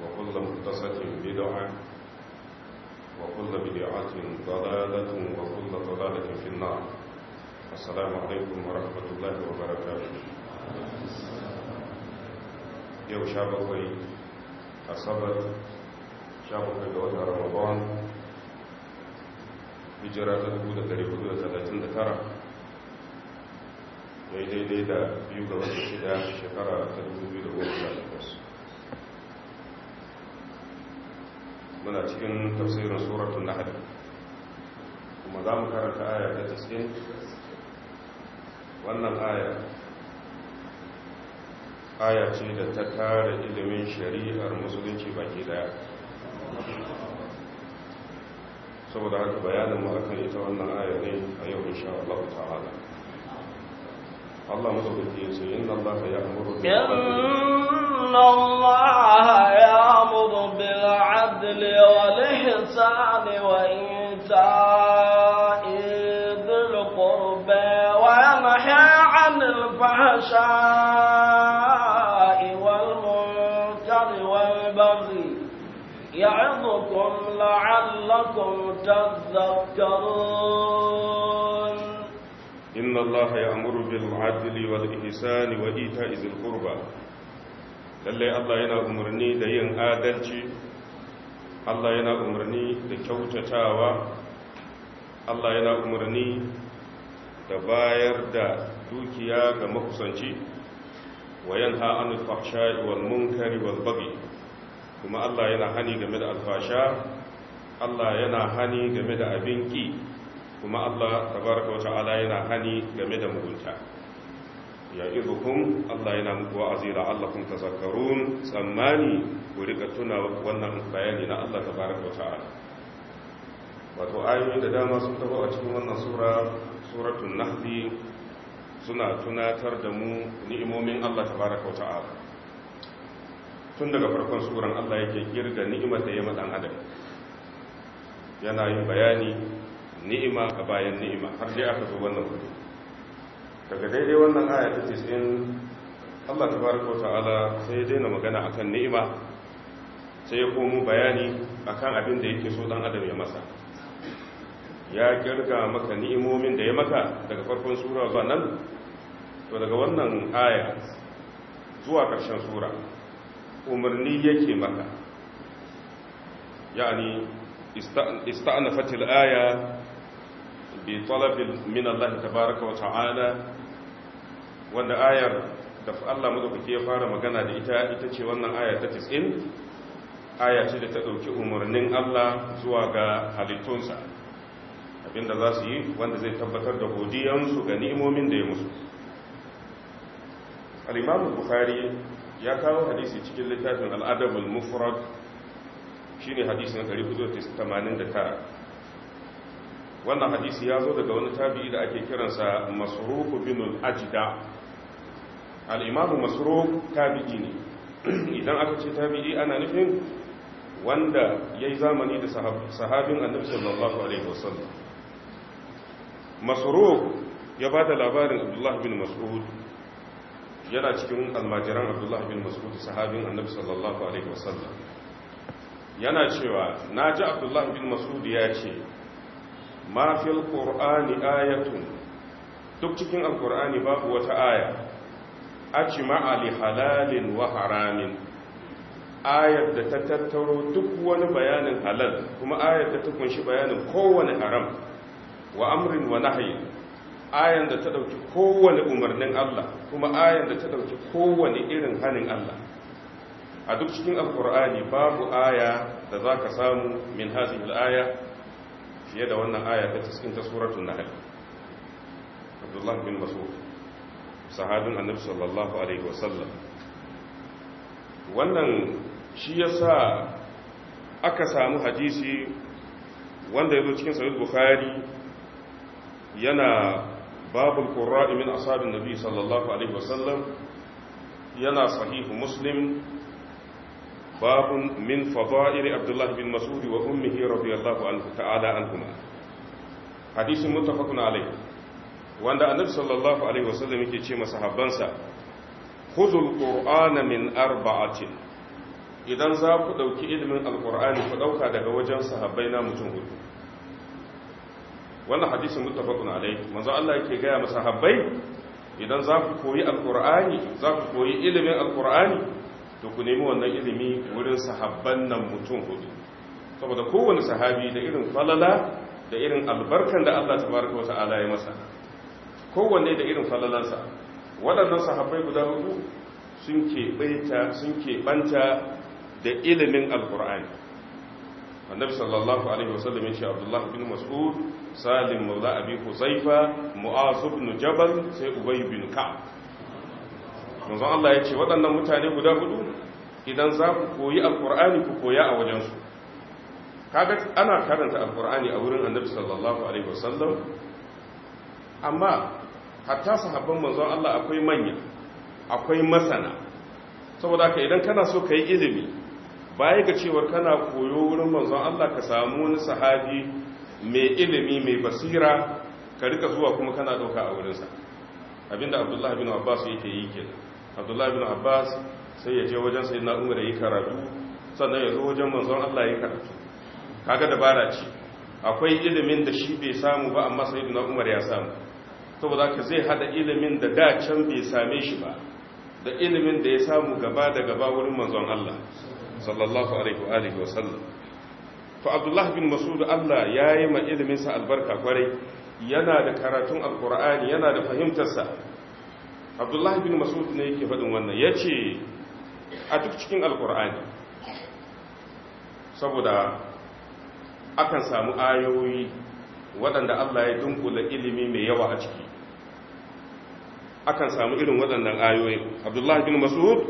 وكل مختصة بدعة وكل بدعة ضلالة وكل ضلالة في النار السلام عليكم ورحمة الله وبركاته يوم شابقي أصبر شابقي دوات رمضان hijira ta 1439 daidai da biyu ga wata shida shekara ta 2010 muna cikin tafsirin suratun nahar kuma za mu karanta aya ta 90 wannan aya aya ce da ta tara ilimin shari'ar musulunci baki daya saboda haka bayanin mu akan ita wannan aya ne a yau insha Allah ta'ala Allah mazaukaki ya ce inna Allah ya amuru bil لعلكم تذكرون إن الله يأمر بالعدل والإحسان وإيتاء ذي القربى lalle Allah yana umarni da yin adalci Allah yana umarni da kyautatawa Allah yana umarni da bayar da dukiya ga makusanci wayan ha'anul fahsha'i wal munkari wal baghi kuma Allah yana hani game da alfasha Allah yana hani game da abin ki kuma Allah tabaraka wata'ala yana hani game da mugunta ya izukum Allah yana muku wa'azi la'allakum tazakkarun tsammani ku rika tuna wannan bayani na Allah tabaraka wata'ala wato ayoyi da dama sun tabo a cikin wannan sura suratul nahli suna tunatar da mu ni'imomin Allah tabaraka wata'ala tun daga farkon suran Allah yake girga ni'imar da ya madan adam yana yin bayani ni'ima a bayan ni'ima har dai aka zo wannan wuri daga daidai wannan aya ta sin Allah ta tabaraka ta'ala sai ya daina magana akan ni'ima sai ya komo bayani akan abin da yake so dan adam ya masa ya kirga maka ni'imomin da ya maka daga farkon sura zuwa nan to daga wannan aya zuwa ƙarshen sura umarni yake maka yani استأنفت الآية بطلب من الله تبارك وتعالى wanda ayar da Allah madaukake ya fara magana da ita ita ce wannan aya ta 90 aya ce da ta ɗauki umarnin Allah zuwa ga halittunsa abinda za su yi wanda zai tabbatar da godiyansu ga ni'imomin da ya musu al Bukhari ya kawo hadisi cikin littafin al-Adab mufrad shi ne hadisi na 489 wannan hadisi ya zo daga wani tabi'i da ake kiransa masruku bin Ajida. ajda al-imamu tabi'i ne idan aka ce tabi'i ana nufin wanda ya yi zamani da sahabin annabi sallallahu alaihi wasallam masruk ya ba da labarin abdullah bin mas'ud yana cikin almajiran abdullah bin mas'ud sahabin annabi sallallahu alaihi wasallam yana cewa na ji abdullah bin masud ya ce ma ƙur'ani qur'ani ayatun duk cikin alƙur'ani babu wata aya ci ma'ali halalin wa haramin ayar da ta tattaro duk wani bayanin halal kuma ayar da ta kunshi bayanin kowane haram wa amrin wa nahayin ayar da ta dauki kowane umarnin Allah kuma ayar da ta ɗauki kowane irin hanin Allah a duk cikin alkur'ani babu aya da za ka samu min hazin al'aya fiye da wannan aya ta cikin ta suratun nahal abdullah bin masud sahabin annabi sallallahu alaihi wasallam wannan shi yasa aka samu hadisi wanda ya zo cikin sahih bukhari yana babul qurra'i min ashabin nabi sallallahu alaihi wasallam yana sahihu muslim باب من فضائل عبد الله بن مسعود وأمه رضي الله عنه تعالى عنهما حديث متفق عليه wanda annabi sallallahu alaihi wasallam yake ce masahabbansa khuzul qur'ana min arba'atin idan za ku ɗauki ilimin alqur'ani ku ɗauka daga wajen sahabbai na mutum hudu wannan hadisin muttafaqun alaihi manzo Allah yake ga masahabbai idan za ku koyi alqur'ani za ku koyi ilimin alkur'ani to ku nemi wannan ilimi wurin sahabban nan mutum hudu saboda kowane sahabi da irin falala da irin albarkan da Allah tabaraka wa ta'ala ya masa kowanne da irin falalansa waɗannan sahabbai guda hudu sun keɓanta sun banta da ilimin alkur'ani annabi sallallahu alaihi wasallam ya ce abdullahi bin mas'ud salim mawla abi huzaifa mu'az ibn jabal sai ubay bin kab manzo Allah ya ce waɗannan mutane guda hudu idan za ku koyi alkur'ani ku koya a wajensu kaga ana karanta alkur'ani a wurin annabi sallallahu alaihi wasallam amma hatta sahabban manzo Allah akwai manya akwai masana saboda haka idan kana so kai ilimi baya ga cewar kana koyo wurin manzo Allah ka samu wani sahabi mai ilimi mai basira ka rika zuwa kuma kana dauka a wurin sa. abinda Abdullahi bin Abbas yake yi kenan abdullahi bin abbas sai ya je wajen sai na umar yi karatu sannan ya zo wajen manzon allah ya karatu kaga dabara ce akwai ilimin da shi bai samu ba amma sai na umar ya samu saboda ka zai hada ilimin da da can bai same shi ba da ilimin da ya samu gaba da gaba wurin manzon allah sallallahu alaihi wa alihi wa sallam to abdullah bin masud allah yayi yi ma iliminsa albarka kwarai yana da karatun alqur'ani yana da fahimtar sa abdullahi bin masud ne yake faɗin wannan ya ce a duk cikin alkur'ani saboda akan samu ayoyi waɗanda allah ya dunkula ilimi mai yawa a ciki akan samu irin waɗannan ayoyi abdullahi bin masud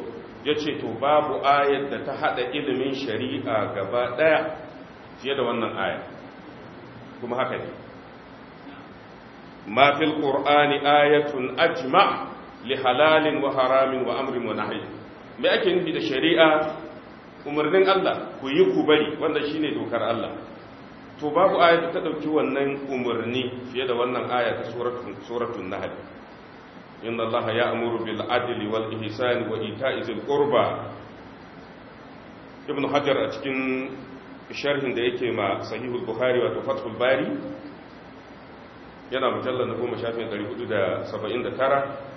ya ce to babu ayar da ta haɗa ilimin shari'a gaba ɗaya fiye da wannan ayar kuma haka ne ma fil qur'ani ayatun ajma' li halalin wa haramin wa amrin wa nahyi me ake nufi da shari'a umarnin Allah ku yi ku bari wanda shine dokar Allah to babu aya ta dauki wannan umarni fiye da wannan aya ta suratul suratul nahl inna Allah ya'muru bil adli wal ihsani wa ita'i zil qurba ibn hajar a cikin sharhin da yake ma sahihul bukhari wato fathul bari yana mujallal na 10 shafin 479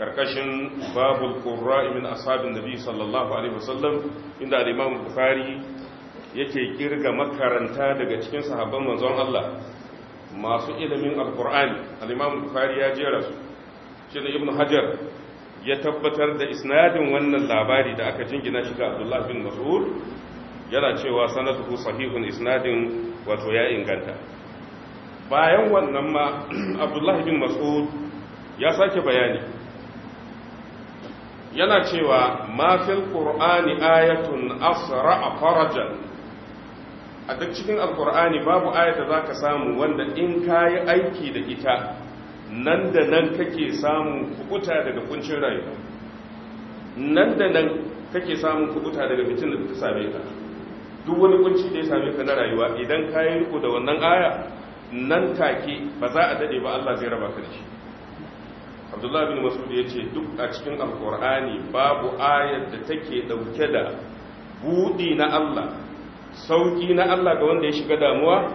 karkashin babul qurra'i min ashabin nabi sallallahu alaihi wasallam inda al-imam yake kirga makaranta daga cikin sahabban manzon Allah masu ilimin alqur'ani al-imam bukhari ya jera su shi da ibnu hajar ya tabbatar da isnadin wannan labari da aka jingina shi ga bin mas'ud yana cewa sanaduhu sahihun isnadin wato ya inganta bayan wannan ma Abdullahi bin mas'ud ya sake bayani yana cewa ma fil qur'ani ayatun asra farajan a duk cikin alqur'ani babu ayata zaka samu wanda in yi aiki da ita nan da nan kake samun kubuta daga kuncin rayuwa nan da nan kake samun kubuta daga fitin da ta same ka duk wani kunci da ya same ka na rayuwa idan yi riko da wannan aya nan take ba za a dade ba Allah zai raba ka da shi abdullahi bin masud ya ce duk a cikin alkur'ani babu ayar da take dauke da budi na Allah sauki na Allah ga wanda ya shiga damuwa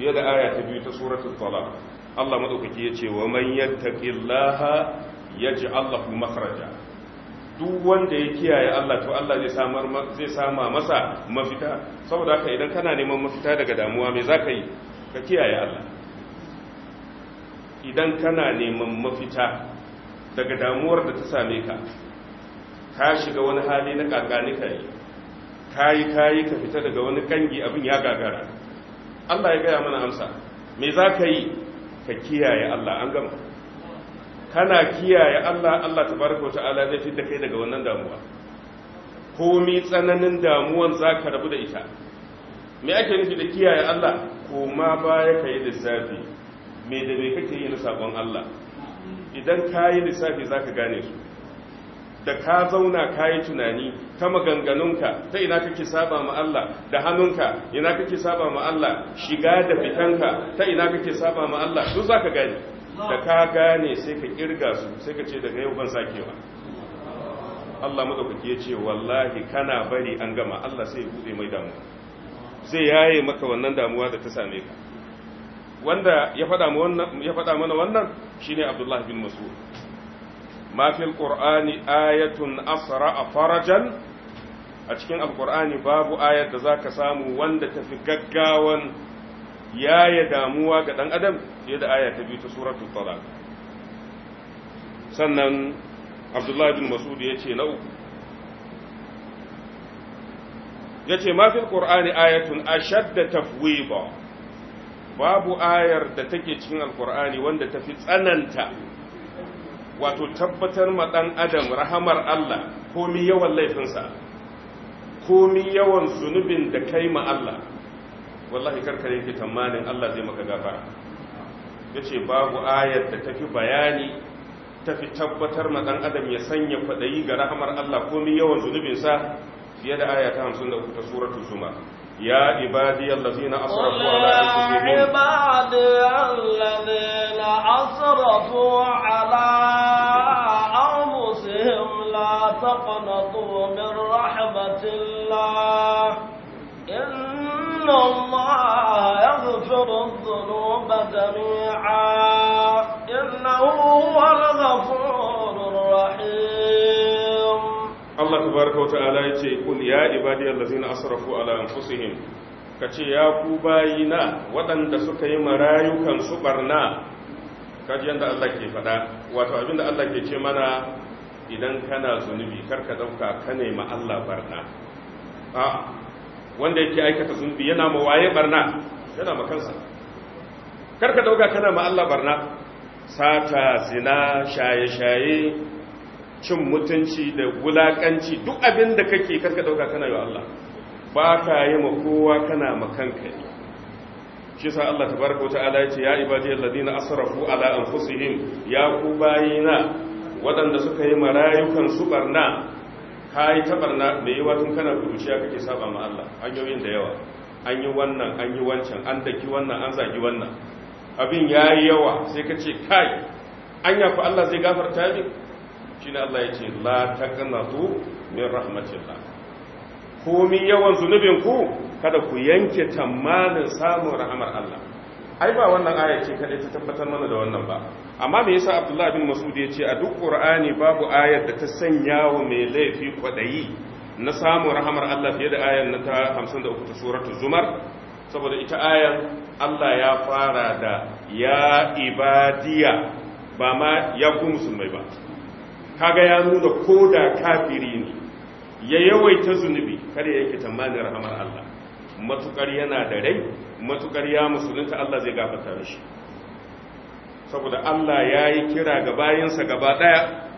fiye da aya ta biyu ta suratul talaq Allah madaukaki ya ce wa man yattaqillaha yaj'al lahu makhraja duk wanda ya kiyaye Allah to Allah zai samar zai sama masa mafita saboda haka idan kana neman mafita daga damuwa me zaka yi ka kiyaye Allah idan kana neman mafita daga damuwar da ta same ka ka shiga wani hali na kakani ka yi kai ka fita daga wani kangi abin ya gagara Allah ya gaya mana amsa me za ka yi ka kiyaye Allah an gama kana kiyaye Allah Allah tabaraka wata'ala zai fitar da kai daga wannan damuwa komi tsananin damuwan za ka rabu da ita me ake nufi da kiyaye Allah koma baya ka yi zafi. me da me kake yi na sabon Allah idan ka yi lissafi za ka gane su da ka zauna ka yi tunani ta maganganunka ta ina kake saba ma Allah da hannunka ina kake saba ma Allah shiga da fitanka ta ina kake saba ma Allah duk za ka gane da ka gane sai ka kirga su sai ka ce daga yau ban sakewa Allah madaukaki ya ce wallahi kana bari an gama Allah sai ya bude mai damuwa zai yaye maka wannan damuwa da ta same ka wanda ya faɗa mana wannan shine abdullahi bin mas'ud ma fil qur'ani ayatun asra farajan a cikin alqur'ani babu ayar da zaka samu wanda tafi gaggawan yaya damuwa ga ɗan adam fiye da aya ta biyu ta suratul talaq sannan abdullahi bin mas'ud yace na uku yace ma fil qur'ani ayatun tafwiba babu ayar da take cikin alkur'ani wanda ta fi tsananta wato tabbatar ma dan adam rahamar Allah komi yawan laifinsa komi yawan zunubin da kai ma Allah wallahi karkare yake tamanin Allah zai maka gafara ya ce babu ayar da tafi bayani ta fi tabbatar ma ɗan adam ya sanya kwaɗayi ga rahamar Allah komi yawan zunubinsa fiye da ayata 53 ta suratul zumar يا عبادي الذين أصرفوا على أنفسهم يا عبادي الذين أصرفوا على أنفسهم لا تقنطوا من رحمة الله إن الله يغفر الذنوب جميعا إنه هو الغفور الرحيم Allah tabaraka wa ta'ala yace kul ya ibadiyallazina asrafu ala anfusihim kace ya ku bayina waɗanda suka yi marayukan su barna ji yanda Allah ke faɗa wato abinda Allah ke ce mana idan kana zunubi karka dauka ka nema Allah barna a wanda yake aikata zunubi yana ma waye barna yana ma kansa karka dauka kana ma Allah barna sata zina shaye-shaye cin mutunci da wulakanci duk abin da kake karka dauka kana yi Allah ba ka yi ma kowa kana ma kanka ne shi sa Allah ta tabaraka wata'ala ya ce ya ibadi alladhina asrafu ala anfusihim ya ku bayina waɗanda suka yi marayukan su barna kai ta barna da yawa tun kana kuruciya kake saba ma Allah hanyoyin da yawa an yi wannan an yi wancan an daki wannan an zagi wannan abin yayi yawa sai ka ce kai anya fa Allah zai gafarta min ne Allah ya ce la taqnatu min rahmatillah komin yawan zunubin ku kada ku yanke tamanin samun rahamar Allah ai ba wannan aya ce kada ta tabbatar mana da wannan ba amma me yasa Abdullah bin Mas'ud ya ce a duk Qur'ani babu ayar da ta sanya wa mai laifi kwadayi na samun rahamar Allah fiye da ayar na ta 53 ta suratul Zumar saboda ita ayar Allah ya fara da ya ibadiya ba ma ya ku musulmai ba kaga ya nuna ko da kafiri ne ya yawaita zunubi kada yake tamanin rahamar Allah matukar yana da rai matukar ya musulunta Allah zai gafarta mishi saboda Allah ya yi kira ga bayansa gaba daya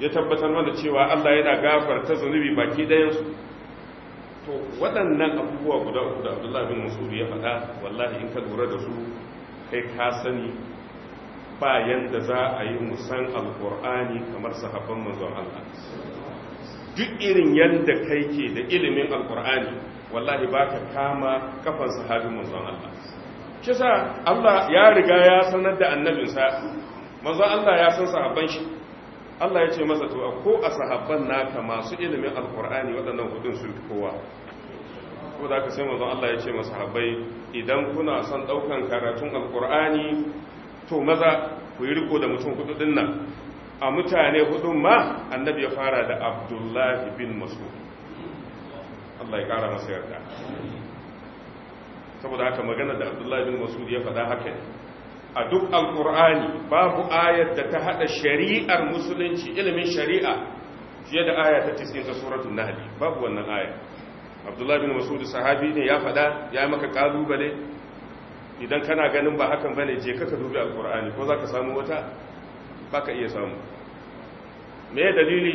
ya tabbatar mana cewa Allah yana gafarta zunubi baki dayansu to waɗannan abubuwa guda uku da Abdullah bin Mas'ud ya faɗa wallahi in ka lura da su kai ka sani ba yadda za a yi musan alkur'ani kamar sahabban manzon Allah duk irin yadda kai ke da ilimin alkur'ani wallahi ka kama kafan sahabin manzon Allah shi sa Allah ya riga ya sanar da annabinsa manzon Allah ya san sahabban shi Allah ya ce masa to ko a sahabban naka masu ilimin alkur'ani waɗannan hudun sun kowa ko da ka sai manzon Allah ya ce masa habbai idan kuna son ɗaukan karatun alkur'ani to maza ku yi riko da mutum hudu din nan a mutane hudun ma annabi ya fara da abdullahi bin mas'ud Allah ya kara masa yarda saboda haka magana da abdullahi bin mas'ud ya faɗa haka a duk alkur'ani babu ayar da ta haɗa shari'ar musulunci ilimin shari'a fiye da aya ta 90 ta suratul nahl babu wannan aya abdullahi bin mas'ud sahabi ne ya faɗa ya maka kalubale idan kana ganin ba hakan bane je ka dubi alkur'ani ko zaka samu wata baka iya samu me dalili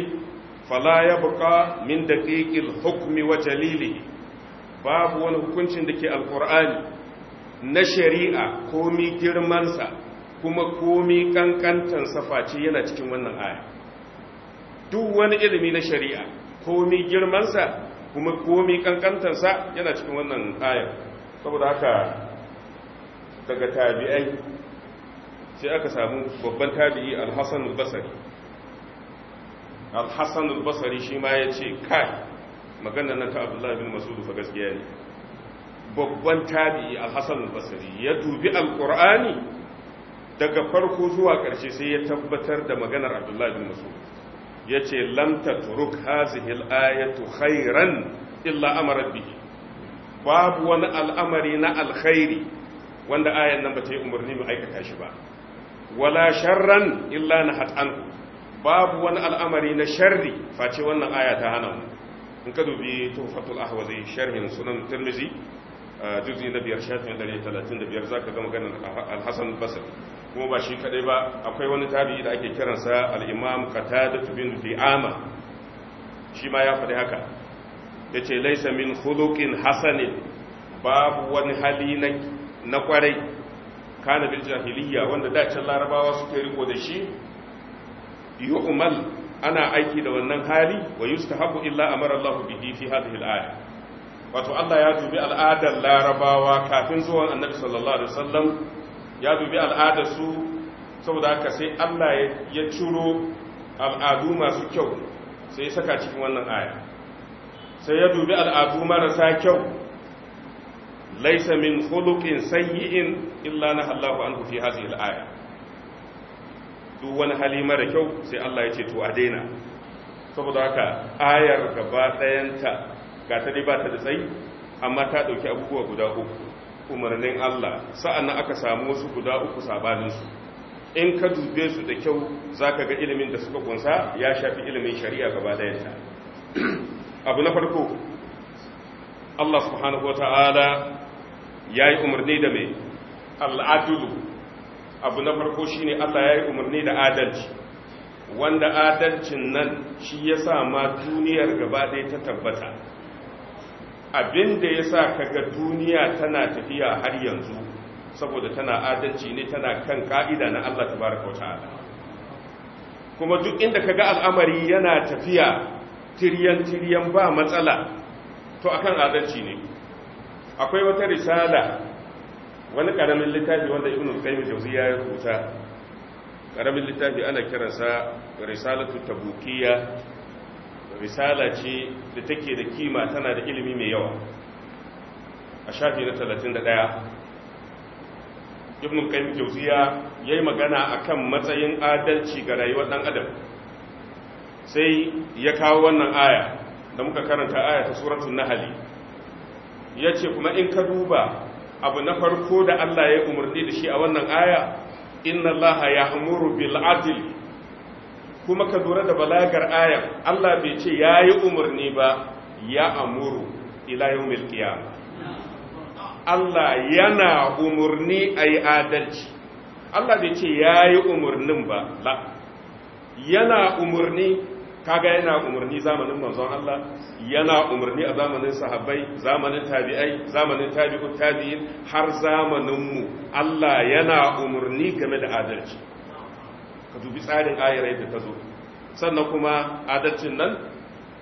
fala yabqa min daqiqil hukmi wa jalilihi babu wani hukuncin dake alkur'ani na shari'a ko girman girmansa kuma komi kankantan safaci yana cikin wannan aya duk wani ilimi na shari'a komi girmansa kuma komi sa yana cikin wannan aya saboda haka daga tabi'ai sai aka samu babban tabi'i al-hasan al-basri al-hasan al-basri shi ma ya ce kai magana na ta abdullahi bin mas'ud fa gaskiya ne babban tabi'i al-hasan al-basri ya dubi al-qur'ani daga farko zuwa ƙarshe sai ya tabbatar da maganar abdullahi bin mas'ud ya ce lamta turuk hazihi al-ayatu khairan illa amara bihi babu wani al'amari na alkhairi wanda ayan nan ba ta yi umarni mu aikata shi ba wala sharran illa na hat'anku babu wani al'amari na sharri face wannan aya ta hana mu in ka dubi tuhfatul ahwazi sharhin sunan tirmizi juz'i na biyar shafin 135 zaka ga maganar al basri kuma ba shi kadai ba akwai wani tabi'i da ake kiransa al-imam qatada bin di'ama shi ma ya faɗi haka yace laysa min khuluqin hasanin babu wani hali na na kwarai kana bil jahiliya wanda can larabawa suke riko da shi yu'mal ana aiki da wannan hali wa yustahabu illa amara Allah bihi fi hadhihi al-aya wato Allah ya dubi al'adar larabawa kafin zuwan annabi sallallahu alaihi wasallam ya dubi al'adar su saboda haka sai Allah ya ciro al'adu masu kyau sai ya saka cikin wannan aya sai ya dubi al'adu marasa kyau laisa min خلق سيء illa نهى الله عنه في هذه aya duk wani hali mara kyau sai Allah ya ce to a daina saboda haka ayar gaba ɗayanta ga ta ba ta da tsayi amma ta ɗauki abubuwa guda uku umarnin Allah sa'annan aka samu wasu guda uku sabanin in ka dube su da kyau zaka ga ilimin da suka kunsa ya shafi ilimin shari'a gaba ɗayanta abu na farko Allah subhanahu wa ta'ala ya yi umarni da mai al'adulu abu na farko shi ne Allah ya yi umarni da adalci wanda adalcin nan shi ya sa ma duniyar gaba ɗaya ta tabbata abin da ya sa kaga duniya tana tafiya har yanzu saboda tana adalci ne tana kan ka'ida na Allah ta baraka wata ala, kuma duk inda kaga al'amari yana tafiya tiriyan-tiriyan ba matsala to akan adalci ne akwai wata risala wani karamin littafi wanda ibn qayyim jawziya ya rubuta karamin littafi ana kiransa risalatu tabukiyya risala ce da take da kima tana da ilimi mai yawa a shafi na 31 ibn qayyim jawziya yayi magana akan matsayin adalci ga rayuwar dan adam sai ya kawo wannan aya da muka karanta aya ta suratul nahl ya ce kuma in ka duba abu na farko da Allah ya umarni da shi a wannan aya inna Allah ya hamuru bil adil kuma ka lura da balagar aya Allah bai ce ya yi umarni ba ya amuru ila yau Allah yana umarni a adalci Allah bai ce ya yi umarnin ba la yana umarni kaga yana umarni zamanin manzon Allah yana umarni a zamanin sahabbai zamanin tabi'ai zamanin tabi'u tabi'in har zamanin mu Allah yana umarni game da adalci ka dubi tsarin ayar da ta zo sannan kuma adalcin nan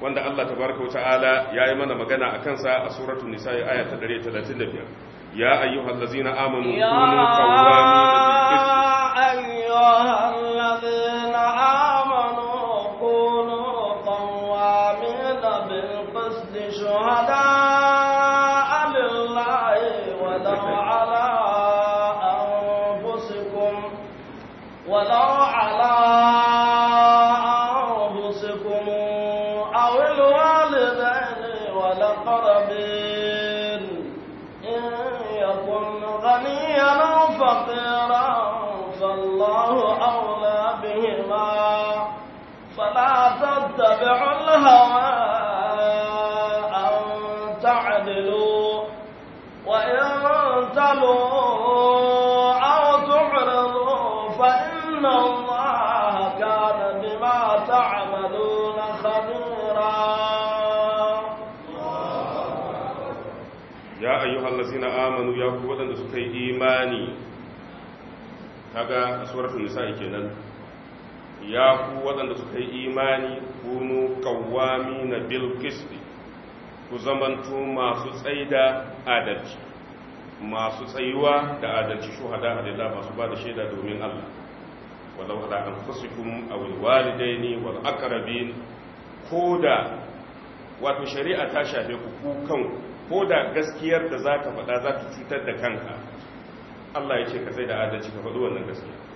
wanda Allah tabaraka ya yayi mana magana akan sa a suratul nisa aya ta 135 ya ayyuhallazina amanu kunu qawwamin bil qist تتبعوا الهوى أن تعدلوا وإن تلوا أو تعرضوا فإن الله كان بما تعملون خبيرا يا أيها الذين آمنوا يا قوة سكي إيماني هذا سورة النساء كنان ya ku waɗanda suka yi imani kunu kawami na Kisbi ku zamantu masu tsaida adalci masu tsayuwa da adalci hada adillah masu ba da shaida domin Allah walau ala anfusikum aw alwalidaini wal aqrabin koda wato shari'a ta shafe ku ku ko koda gaskiyar da zaka faɗa za ta cutar da kanka Allah ya ce ka tsaya da adalci ka faɗi wannan gaskiya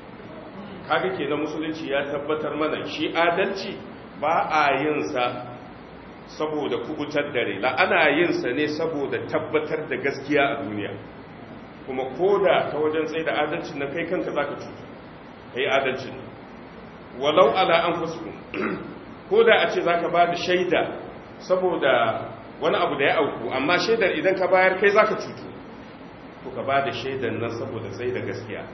kaga kenan musulunci ya tabbatar mana shi adalci ba a yin sa saboda kubutar dare la ana yin sa ne saboda tabbatar da gaskiya a duniya kuma koda ta wajen tsaye da adalcin nan kai kanka zaka cutu kai adalcin walau ala ko koda a ce zaka ba da shaida saboda wani abu da ya auku amma shaidar idan ka bayar kai zaka cutu to ka ba da shaidar nan saboda tsaye da gaskiya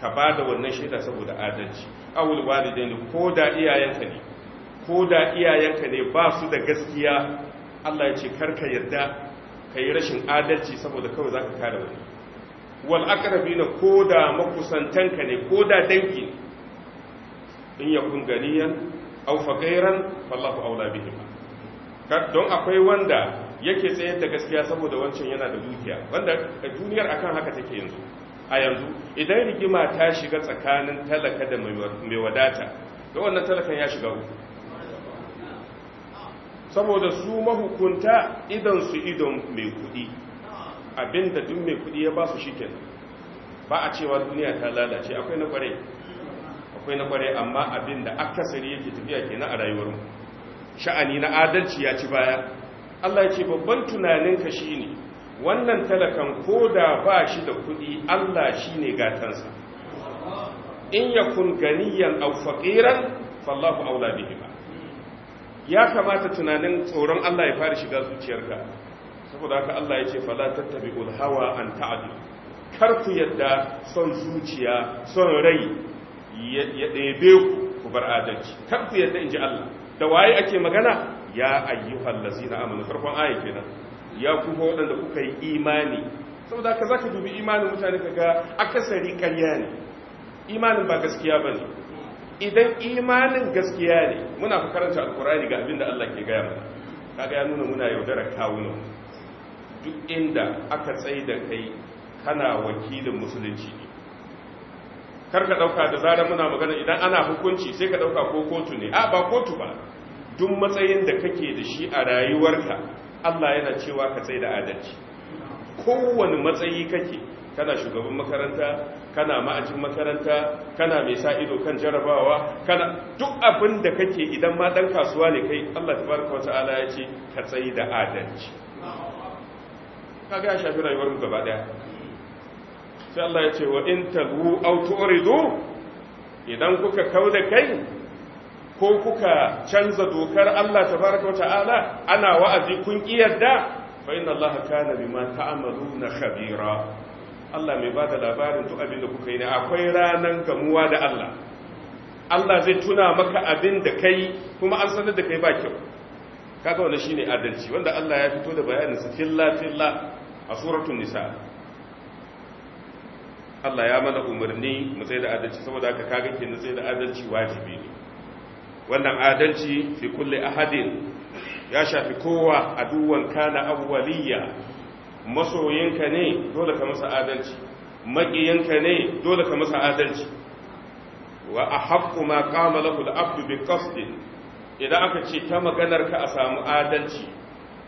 ka ba da wannan shaida saboda adalci awul walidaini ko da iyayenka ne ko da iyayenka ne ba su da gaskiya Allah ya ce karka yarda ka yi rashin adalci saboda kawai za ka kada wani wal aqrabina ko da makusantanka ne ko da dangi ne in yakun ganiyan aw faqiran fallahu awla bihim don akwai wanda yake tsayar da gaskiya saboda wancan yana da dukiya wanda duniyar akan haka take yanzu a yanzu idan rigima ta shiga tsakanin talaka da mai wadata da wannan talakan ya shiga uku saboda su mahukunta idan su idon mai kudi abinda duk mai kudi ya ba su shi ba a cewa duniya ta lalace akwai na kware akwai na kware amma abinda akasari yake tafiya ke na a rayuwar sha'ani na adalci ya ci baya Allah ya ce babban tunaninka shine wannan talakan ko da ba shi da kuɗi Allah shi ne gatansa in ya kun ganiyan au faƙiran fallahu aula ba ya kamata tunanin tsoron Allah ya fara shiga zuciyarka saboda haka Allah ya ce fala tattabi'ul hawa an ta'adu kar ku yadda son zuciya son rai ya ɗebe ku ku bar adalci kar ku yadda in ji Allah da waye ake magana ya ayyuhal lazina amanu farkon aya kenan ya kuma waɗanda kuka yi imani saboda ka za ka dubi imanin mutane ka ga akasari karya ne imanin ba gaskiya ba ne idan imanin gaskiya ne muna fi karanta alkurani ga abin da allah ke gaya mana kaga ya nuna muna yaudara kawunan duk inda aka tsaye da kai kana wakilin musulunci ne kar ka ɗauka da zarar muna magana idan ana hukunci sai ka ɗauka ko kotu ne a ba kotu ba duk matsayin da kake da shi a rayuwarka Allah yana cewa ka tsaye da adalci kowane matsayi kake kana shugaban makaranta kana ma'ajin makaranta kana mai sa ido kan jarabawa kana duk abin da kake idan ma dan kasuwa ne kai Allah tabaraka wa ta'ala ya ce ka tsaye da adalci kaga ya shafi rayuwar mu gaba daya sai Allah ya ce wa in tabu aw tu'ridu idan kuka kauda kai ko kuka canza dokar Allah wa ta'ala ana wa'azi kun kiyarda fa inna Allah kana bima ta'maluna khabira Allah mai bada labarin duk abin da kuka yi ne akwai ranan gamuwa da Allah Allah zai tuna maka abin da kai kuma an sanar da kai ba kyau kaga wannan shine adalci wanda Allah ya fito da bayanin sa filla filla a suratul nisa Allah ya mana umarni mu tsaye da adalci saboda haka kaga kenan tsaye da adalci wajibi ne wannan adalci fi kulli ahadin ya shafi kowa a duwan kana awwaliya masoyinka ne dole ka masa adalci maƙiyinka ne dole ka masa adalci wa ahaqqu ma qama lahu al-abdu bi qasdin idan aka ce ta maganar ka a samu adalci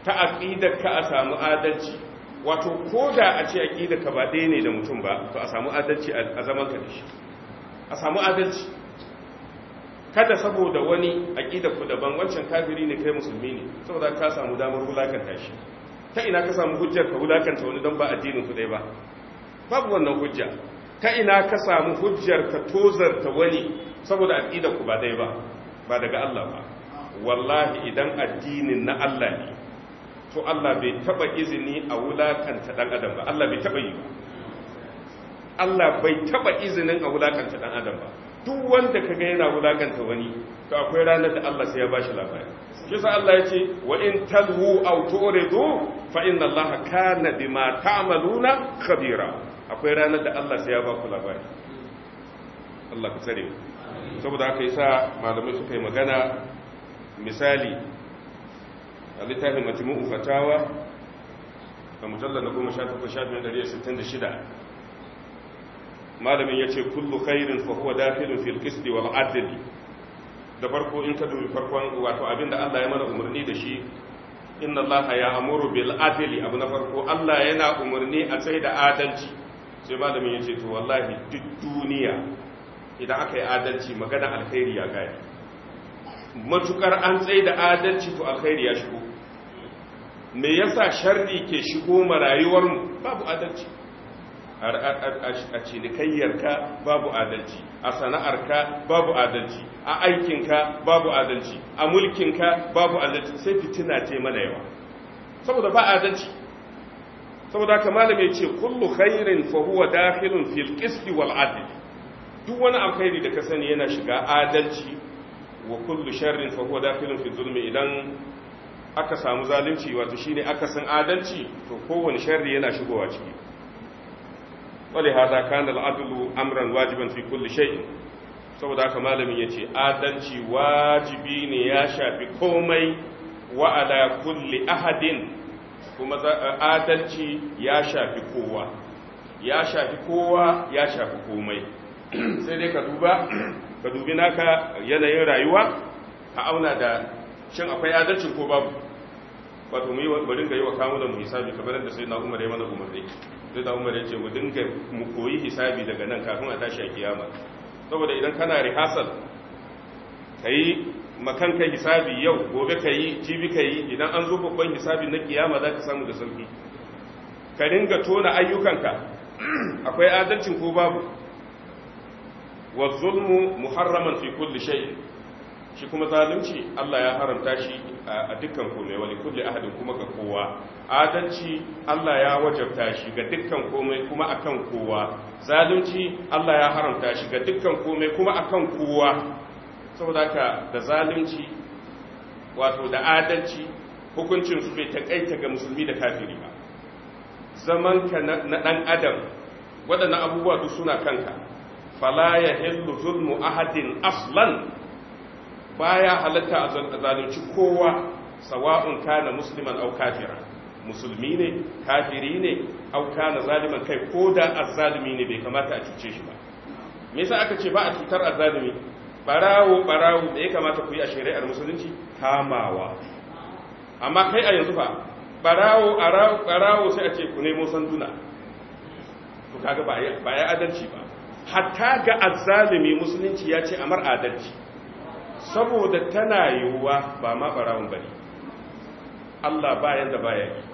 ta aqidar ka a samu adalci wato koda a ce aqidar ka ba ɗaya ne da mutum ba to a samu adalci a zaman ka da shi a samu adalci kada saboda wani aqidar ku daban wancan kafiri ne kai musulmi ne saboda ka samu damar wulakanta shi ta ina ka samu hujjar ka wulakanta wani dan ba addinin ku dai ba babu wannan hujja ta ina ka samu hujjar ka tozarta wani saboda aqidar ku ba dai ba ba daga Allah ba wallahi idan addinin na Allah ne to Allah bai taba izini a wulakanta dan adam ba Allah bai taba yi ba Allah bai taba izinin a wulakanta dan adam ba duk wanda kaga yana wulakanta wani to akwai ranar da Allah sai ya bashi labari kisa Allah yace, ce wa in talhu aw tu'ridu fa inna Allah kana bima ta'maluna khabira akwai ranar da Allah sai ya baku labari Allah ka tsare saboda haka yasa malamai suka yi magana misali a littafin majmu'u fatawa a mujallal na 18 shafin 166 malamin ya ce kullu khairin fa huwa dakhilun fil qisti wal adl da farko in ka dubi farkon wato abinda Allah ya mana umarni da shi inna Allah ya amuru bil adli abu na farko Allah yana umarni a sai da adalci sai malamin ya ce to wallahi duk duniya idan aka yi adalci magana alkhairi ya gaya matukar an tsaye da adalci to alkhairi ya shigo me yasa sharri ke shigo ma rayuwarmu babu adalci a cinikayyarka babu adalci a sana'arka babu adalci a aikinka babu adalci a mulkinka babu adalci sai fitina ce mana yawa saboda ba adalci saboda haka malam ya ce kullu khairin fa huwa dakhilun fil qisti wal adl duk wani alkhairi da ka sani yana shiga adalci wa kullu sharrin fa huwa dakhilun fi zulmi idan aka samu zalunci wato shine aka san adalci to kowane sharri yana shigowa ciki wali haza kana al'adlu amran wajiban fi kulli shay'in saboda haka malamin yace adalci wajibi ne ya shafi komai wa ala kulli ahadin kuma adalci ya shafi kowa ya shafi kowa ya shafi komai sai dai ka duba ka dubi naka yanayin rayuwa ka auna da shin akwai adalcin ko babu wato mu yi mu dinga yi wa da mu hisabi kamar yadda sai na umar ya mana umarni sai na umar ya ce mu ga mu koyi hisabi daga nan kafin a tashi a kiyama saboda idan kana rihasal kai makan kai hisabi yau gobe ka yi jibi ka yi idan an zo babban hisabi na kiyama za ka samu da sauki ka ringa tona ayyukanka akwai adalcin ko babu wa zulmu muharraman fi kulli shay'in shi kuma zalunci Allah ya haramta shi a dukkan komai wani kulle ahadin kuma ga kowa adalci Allah ya wajabta shi ga dukkan komai kuma akan kowa zalunci Allah ya haramta shi ga dukkan komai kuma akan kowa saboda ka da zalunci wato da adalci hukuncin su bai takaita ga musulmi da kafiri ba zaman ka na dan adam wadannan abubuwa duk suna kanka fala yahillu zulmu ahadin aslan baya halatta a zalunci kowa sawa'un kana musliman au kafira musulmi ne kafiri ne au kana zaliman kai ko da azzalimi ne bai kamata a cuce shi ba me yasa aka ce ba a cutar azzalimi barawo barawo da ya kamata ku yi a shari'ar musulunci kamawa amma kai a yanzu fa barawo barawo sai a ce ku nemo sanduna to kaga ba ya adalci ba hatta ga azzalimi musulunci ya ce amar adalci saboda tana yiwuwa ba ma ba ne. Allah yadda ba baya yi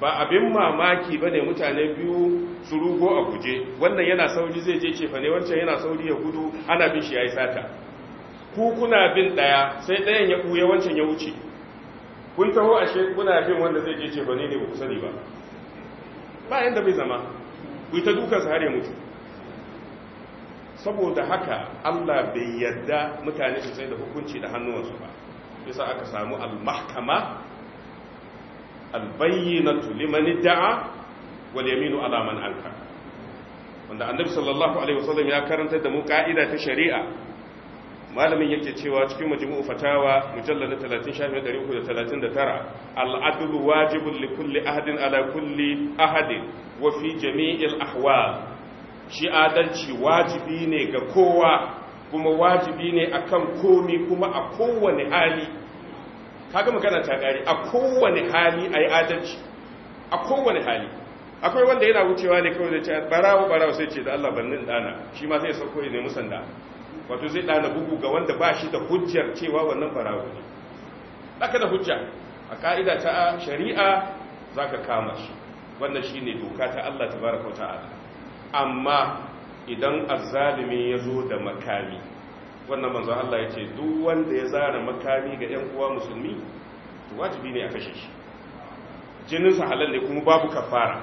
ba abin mamaki ba ne mutane biyu su rugo a guje wannan yana sauri zai je cefa ne wancan yana sauri ya gudu ana bin shi yi sata ku kuna bin daya sai dayan ya ɓuya, wancan ya wuce kun taho ashe kuna bin wanda zai je cefa ne ne ba ku sani ba Ba yadda bai zama ku ta dukansa har ya mutu saboda haka Allah bai yadda mutane su sai da hukunci da hannuwansu ba bisa aka samu al-mahkama al-bayyinatu liman da'a wal yaminu ala man anka wanda annabi sallallahu alaihi wasallam ya karanta da mu ka'ida ta shari'a malamin yake cewa cikin majmu'u fatawa mujallal 30 shafi 339 al-adlu wajibun li kulli ahadin ala kulli ahadin wa fi jami'il ahwal shi adalci wajibi ne ga kowa kuma wajibi ne akan komi kuma a kowane hali kaga magana ta kare a kowane hali ayi adalci a kowane hali akwai wanda yana wucewa ne kawai da ce barawo barawo sai ce da Allah bannin dana shi ma sai ya sauko ne da. wato zai dana bugu ga wanda ba shi da hujjar cewa wannan barawo ne haka da hujja a ka'ida ta shari'a zaka kama shi wannan shine doka ta Allah tabaraka ta'ala amma idan azzalimi ya zo da makami wannan manzo Allah ya ce duk wanda ya zara makami ga ‘yan uwa musulmi to wajibi ne a kashe shi jininsa halal ne kuma babu kafara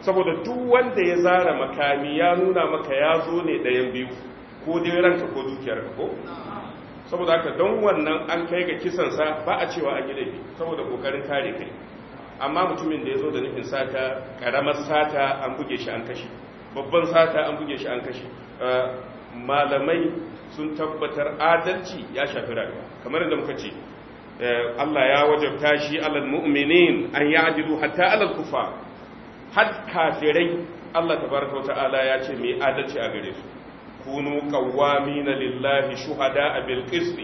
saboda duk wanda ya zara makami ya nuna maka ya zo ne ɗayan biyu ko dai ranka ko dukiyarka ko saboda haka don wannan an kai ga sa ba a cewa an yi laifi saboda kokarin kare kai amma mutumin da ya zo da nufin sata karamar sata an buge shi an kashe babban sata an buge shi an kashe uh, malamai sun tabbatar adalci ya shafi rayuwa kamar da muka ce uh, Allah ya wajabta shi alal mu'minin an ya'dilu hatta alal kufa had kafirai Allah tabaraka wata'ala ya ce mai adalci a gare su kunu na lillahi shuhada bil qist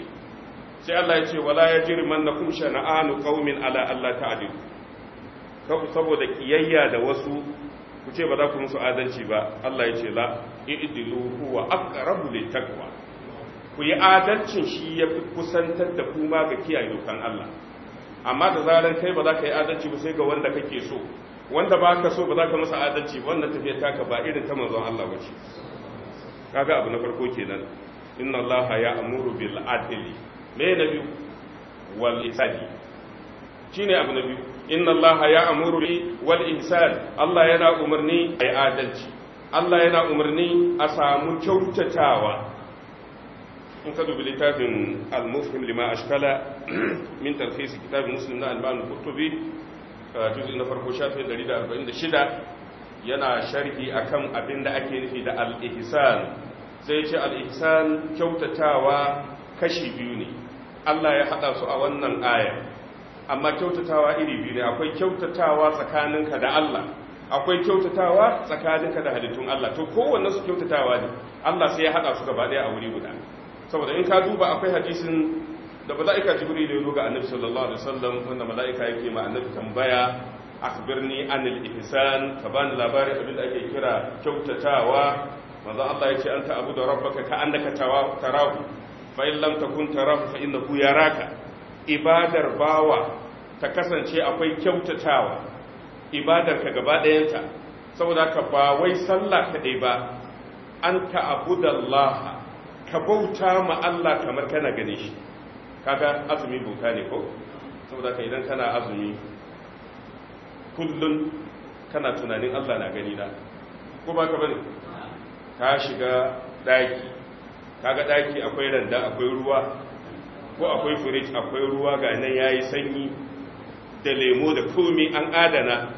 sai Allah ya ce wala yajrimannakum shana'anu qaumin ala Allah ta'dilu saboda kiyayya da wasu ku ce ba za ku musu adalci ba Allah ya ce la i'dilu huwa aqrabu taqwa ku yi adalcin shi ya fi kusantar da kuma ga kiyaye dokan Allah amma da zarar kai ba za ka yi adalci ba sai ga wanda kake so wanda ba ka so ba za ka masa adalci ba wannan tafiya taka ba irin ta manzon Allah ba ce kaga abu na farko kenan inna Allah ya amuru bil adli me na biyu wal isadi shine abu na biyu inna allaha ya'muru li wal ihsan Allah yana umarni a yi adalci Allah yana umarni a samu kyautatawa in ka dubi littafin al-mufhim lima ashkala min talhis kitabin muslim na al-imam al-qurtubi juz'i na farko shafin 146 yana sharhi akan abin da ake nufi da al-ihsan sai ce al-ihsan kyautatawa kashi biyu ne Allah ya hada su a wannan ayar. amma kyautatawa iri biyu ne akwai kyautatawa tsakaninka da Allah akwai kyautatawa tsakaninka da halittun Allah to kowanne su kyautatawa ne Allah sai ya hada su gaba daya a wuri guda saboda in ka duba akwai hadisin da mala'ika jibril ya ga annabi sallallahu alaihi wasallam wanda mala'ika yake ma annabi tambaya akhbirni anil ihsan ka bani labarin abin da ake kira kyautatawa manzo Allah ya ce anta abudu rabbaka ka annaka tarahu fa in lam takun tarahu fa innahu yaraka ibadar bawa ta kasance akwai kyautatawa ibadar ka gaba ɗayanta saboda ka ba wai sallah kaɗai ba an da Laha, ka bauta ma Allah kamar kana gani shi kaga azumi bauta ne ko saboda ka idan kana azumi kullum kana tunanin Allah na gani na ko ba ka bane ka shiga daki kaga daki akwai randa akwai ruwa ko akwai firij akwai ruwa ga nan yayi sanyi da lemo da komi an adana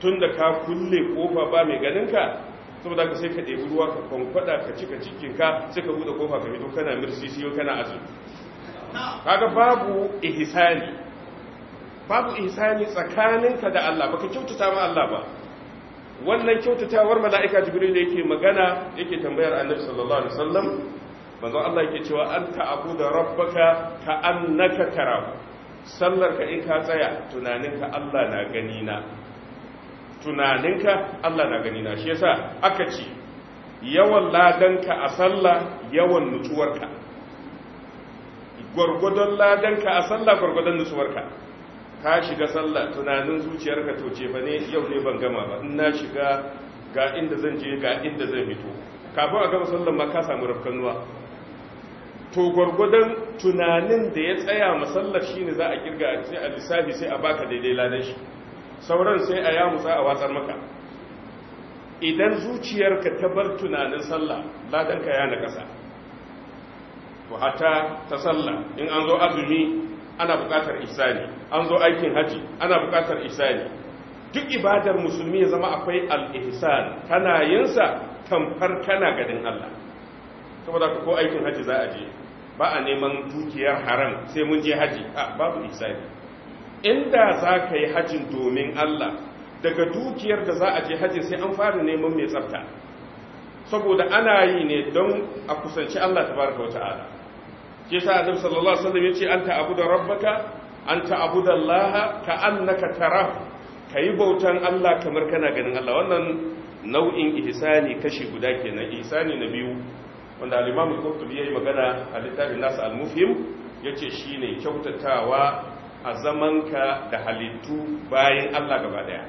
tunda ka kulle kofa ba mai ka saboda ka sai ka debi ruwa ka kwankwada ka cika cikinka sai ka bude kofa ka fito kana mirsi mirsisiyo kana azumi kaga babu ihsani babu ihsani tsakaninka da Allah baka kyautata ma Allah ba wannan kyautatawar mala'ika jibril da yake magana yake tambayar annabi sallallahu alaihi wasallam manzo Allah yake cewa an da rabbaka ka annaka tara sallar ka in ka tsaya tunaninka Allah na gani na tunaninka Allah na gani na shi yasa aka ce yawan ladanka a sallah yawan nutsuwarka gwargwadon ladanka a sallah gurgudun nutsuwarka ka shiga sallah tunanin zuciyarka to ce ba ne yau ne ban gama ba in na shiga ga inda zan je ga inda zan fito kafin a gama sallar ma ka samu rafkanuwa to gwargwadon tunanin da ya tsaya masallar shi ne za a kirga sai a lissafi sai a baka daidai ladan shi sauran sai a yamusa a watsar maka idan zuciyarka ta bar tunanin sallah ladanka ya na ƙasa to hata ta sallah in an zo azumi ana buƙatar isani an zo aikin haji ana bukatar isani duk ibadar musulmi ya zama akwai al'isar tana yinsa tamfar kana gadin Allah saboda ko aikin haji za a je ba a neman dukiyar haram sai mun je haji a babu ihsani inda za ka yi hajin domin Allah daga dukiyar da za a je haji sai an fara neman mai tsafta saboda ana yi ne don a kusanci Allah Ta wata ala. ke sa annabi sallallahu alaihi wasallam yace anta da rabbaka ta'abu da Allah ka annaka ka yi bautan Allah kamar kana ganin Allah wannan nau'in ihsani kashi guda kenan ihsani na biyu wanda al-imam al-qurtubi yayi magana a littafin nasa al-mufhim yace shine kyautatawa a zamanka da halittu bayan Allah gaba daya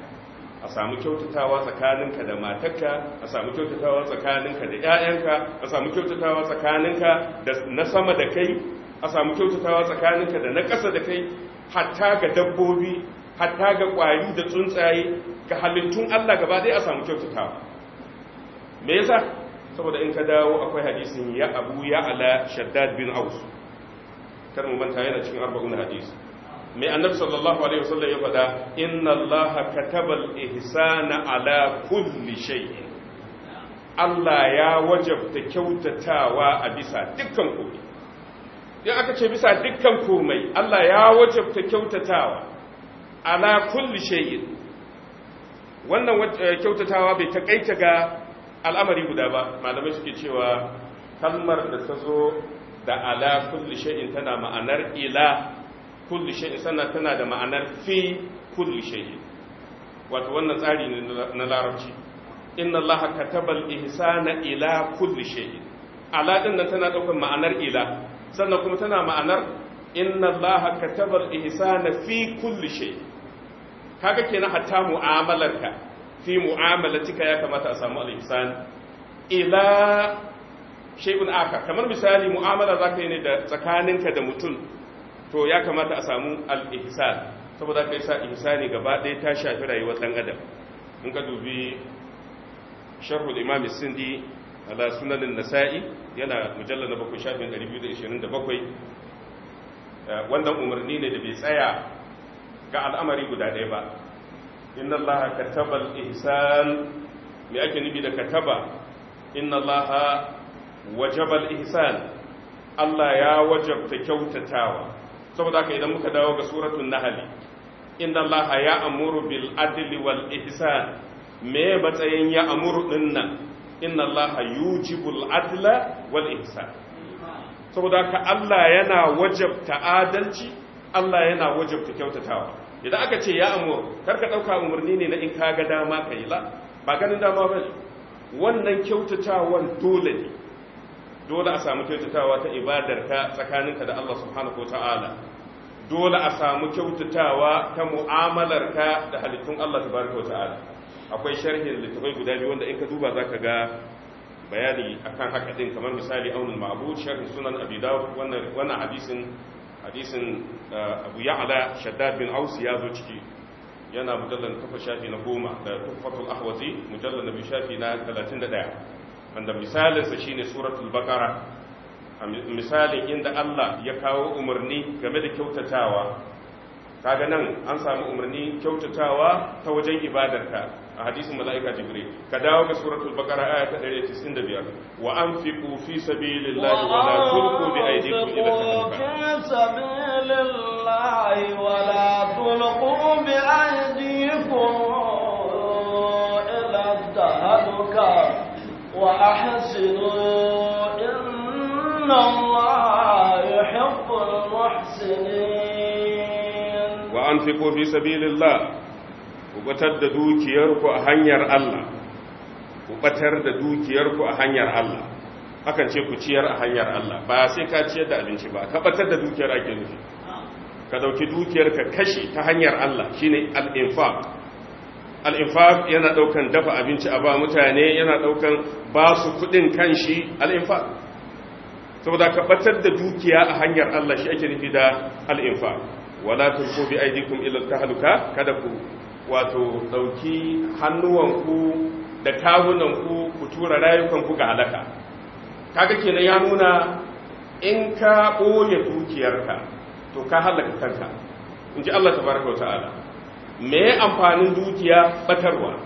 a samu kyautatawa tsakaninka da matarka a samu kyautatawa tsakaninka da ƴaƴanka a samu kyautatawa tsakaninka da na sama da kai a samu kyautatawa tsakaninka da na ƙasa da kai hatta ga dabbobi hatta ga ƙwari da tsuntsaye ga halittun Allah gaba daya a samu kyautatawa me yasa saboda in ka dawo akwai hadisin ya abu ya ala shaddad bin aus kar mu manta yana cikin arba'un hadis mai annabi sallallahu alaihi wasallam ya faɗa inna allaha kataba ihsana ala kulli shay'in Allah ya wajabta kyautatawa a bisa dukkan komai idan aka ce bisa dukkan komai Allah ya wajabta kyautatawa ala kulli shay'in wannan eh, kyautatawa bai takaita ga al'amari guda ba malamai suke cewa kalmar da ta zo da ala kulli shay'in tana ma'anar ila kulli shay'in sannan tana da ma'anar fi kulli shay'in wato wannan tsari ne na larabci inna allaha kataba al-ihsana ila kulli shay'in ala din nan tana daukar ma'anar ila sannan kuma tana ma'anar inna allaha kataba al-ihsana fi kulli shay'in kaga kenan hatta mu'amalarka fi mu'amalatika ya kamata a samu al-ihsan ila shay'un aka kamar misali mu'amala zaka yi ne da tsakaninka da mutum to ya kamata a samu al-ihsan saboda kai sa ihsani gaba ɗaya ta shafi rayuwar dan adam in ka dubi sharh al-imam sindi ala sunan an-nasa'i yana mujallal na 7 shafin 227 eh, wannan umarni ne da bai tsaya ga al'amari guda ɗaya ba inna allaha kataba al-ihsan me ake nufi da kataba inna allaha wajaba al-ihsan Allah ya wajabta kyautatawa saboda haka idan muka dawo ga suratul nahl inna allaha ya amuru bil adli wal ihsan me matsayin ya amuru dinnan inna allaha al adla wal ihsan saboda haka Allah yana wajabta adalci Allah yana wajabta kyautatawa idan aka ce ya amur karka ɗauka umarni ne na in ka ga dama ka yi la ba ganin dama ba wannan kyautatawan dole ne dole a samu kyautatawa ta ibadarka tsakaninka da Allah subhanahu wa ta'ala dole a samu kyautatawa ta mu'amalarka da halittun Allah tabaraka wa ta'ala akwai sharhin littafai guda biyu wanda in ka duba zaka ga bayani akan haka din kamar misali aunul ma'bud sharhin sunan abi dawud wannan wannan hadisin hadisin abu ya'ala shaddad bin aus ya zo ciki yana mujallar kafa shafi na goma da tuhfatul ahwazi mujallar na shafi na 31 wanda sa shine suratul baqara misalin inda Allah ya kawo umarni game da kyautatawa kaga nan an samu umarni kyautatawa ta wajen ibadarka a hadisin mala'ika jibril ka dawo ga suratul baqara aya ta 195 wa anfiqu fi sabilillahi wa la tulqu bi aydikum سبيل الله ولا تلقوا بأيديكم إلى التهلكة وأحسنوا إن الله يحب المحسنين وأنفقوا في سبيل الله وبتددوا كيركم أهنير الله وبترددوا كيركم أهنير الله akan ce ku ciyar a hanyar Allah ba sai ka ciyar da abinci ba ka batar da dukiyar ake nufi ka dauki dukiyar ka kashi ta hanyar Allah shine al-infaq al-infaq yana daukan dafa abinci a ba mutane yana daukan ba su kudin kanshi al-infaq saboda ka batar da dukiya a hanyar Allah shi ake nufi da al-infaq wala tulqu bi aydikum ila al-tahluka kada ku wato dauki hannuwanku da kawunanku ku tura rayukanku ga halaka kaga kenan ya nuna in ka ɓoye dukiyarka to ka halaka kanka in ji Allah tabaraka wa ta'ala me amfanin dukiya batarwa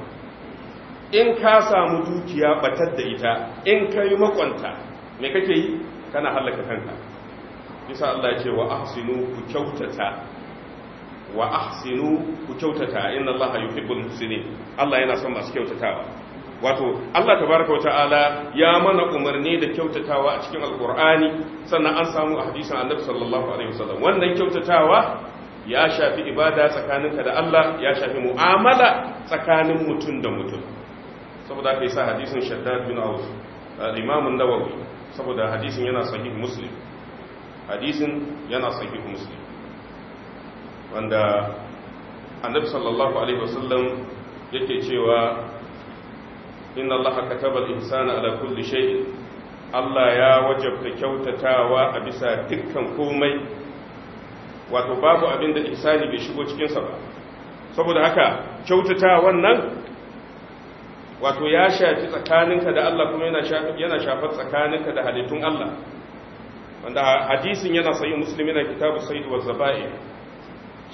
in ka samu dukiya batar da ita in ka yi makwanta me kake yi kana halaka kanka bisa Allah ce wa ahsinu ku kyautata wa ahsinu ku kyautata inna Allah yuhibbul muhsinin Allah yana son masu kyautatawa wato Allah tabaraka wa ta'ala ya mana umarni da kyautatawa a cikin alkur'ani sannan an samu a hadisin annabi sallallahu alaihi wasallam wannan kyautatawa ya shafi ibada tsakaninka da Allah ya shafi mu'amala tsakanin mutum da mutum saboda kai sa hadisin shaddad bin auf al-imam an-nawawi saboda hadisin yana sahih muslim hadisin yana sahih muslim wanda annabi sallallahu alaihi wasallam yake cewa inna allaha kataba al-ihsana ala kulli shay Allah ya wajabta kyautatawa a bisa dukkan komai wato babu abin da ihsani bai shigo cikin sa ba saboda haka kyautata wannan wato ya shafi tsakaninka da Allah kuma yana shafi yana shafar tsakaninka da halittun Allah wanda hadisin yana sayi muslimi na kitabu sayyid wa zaba'i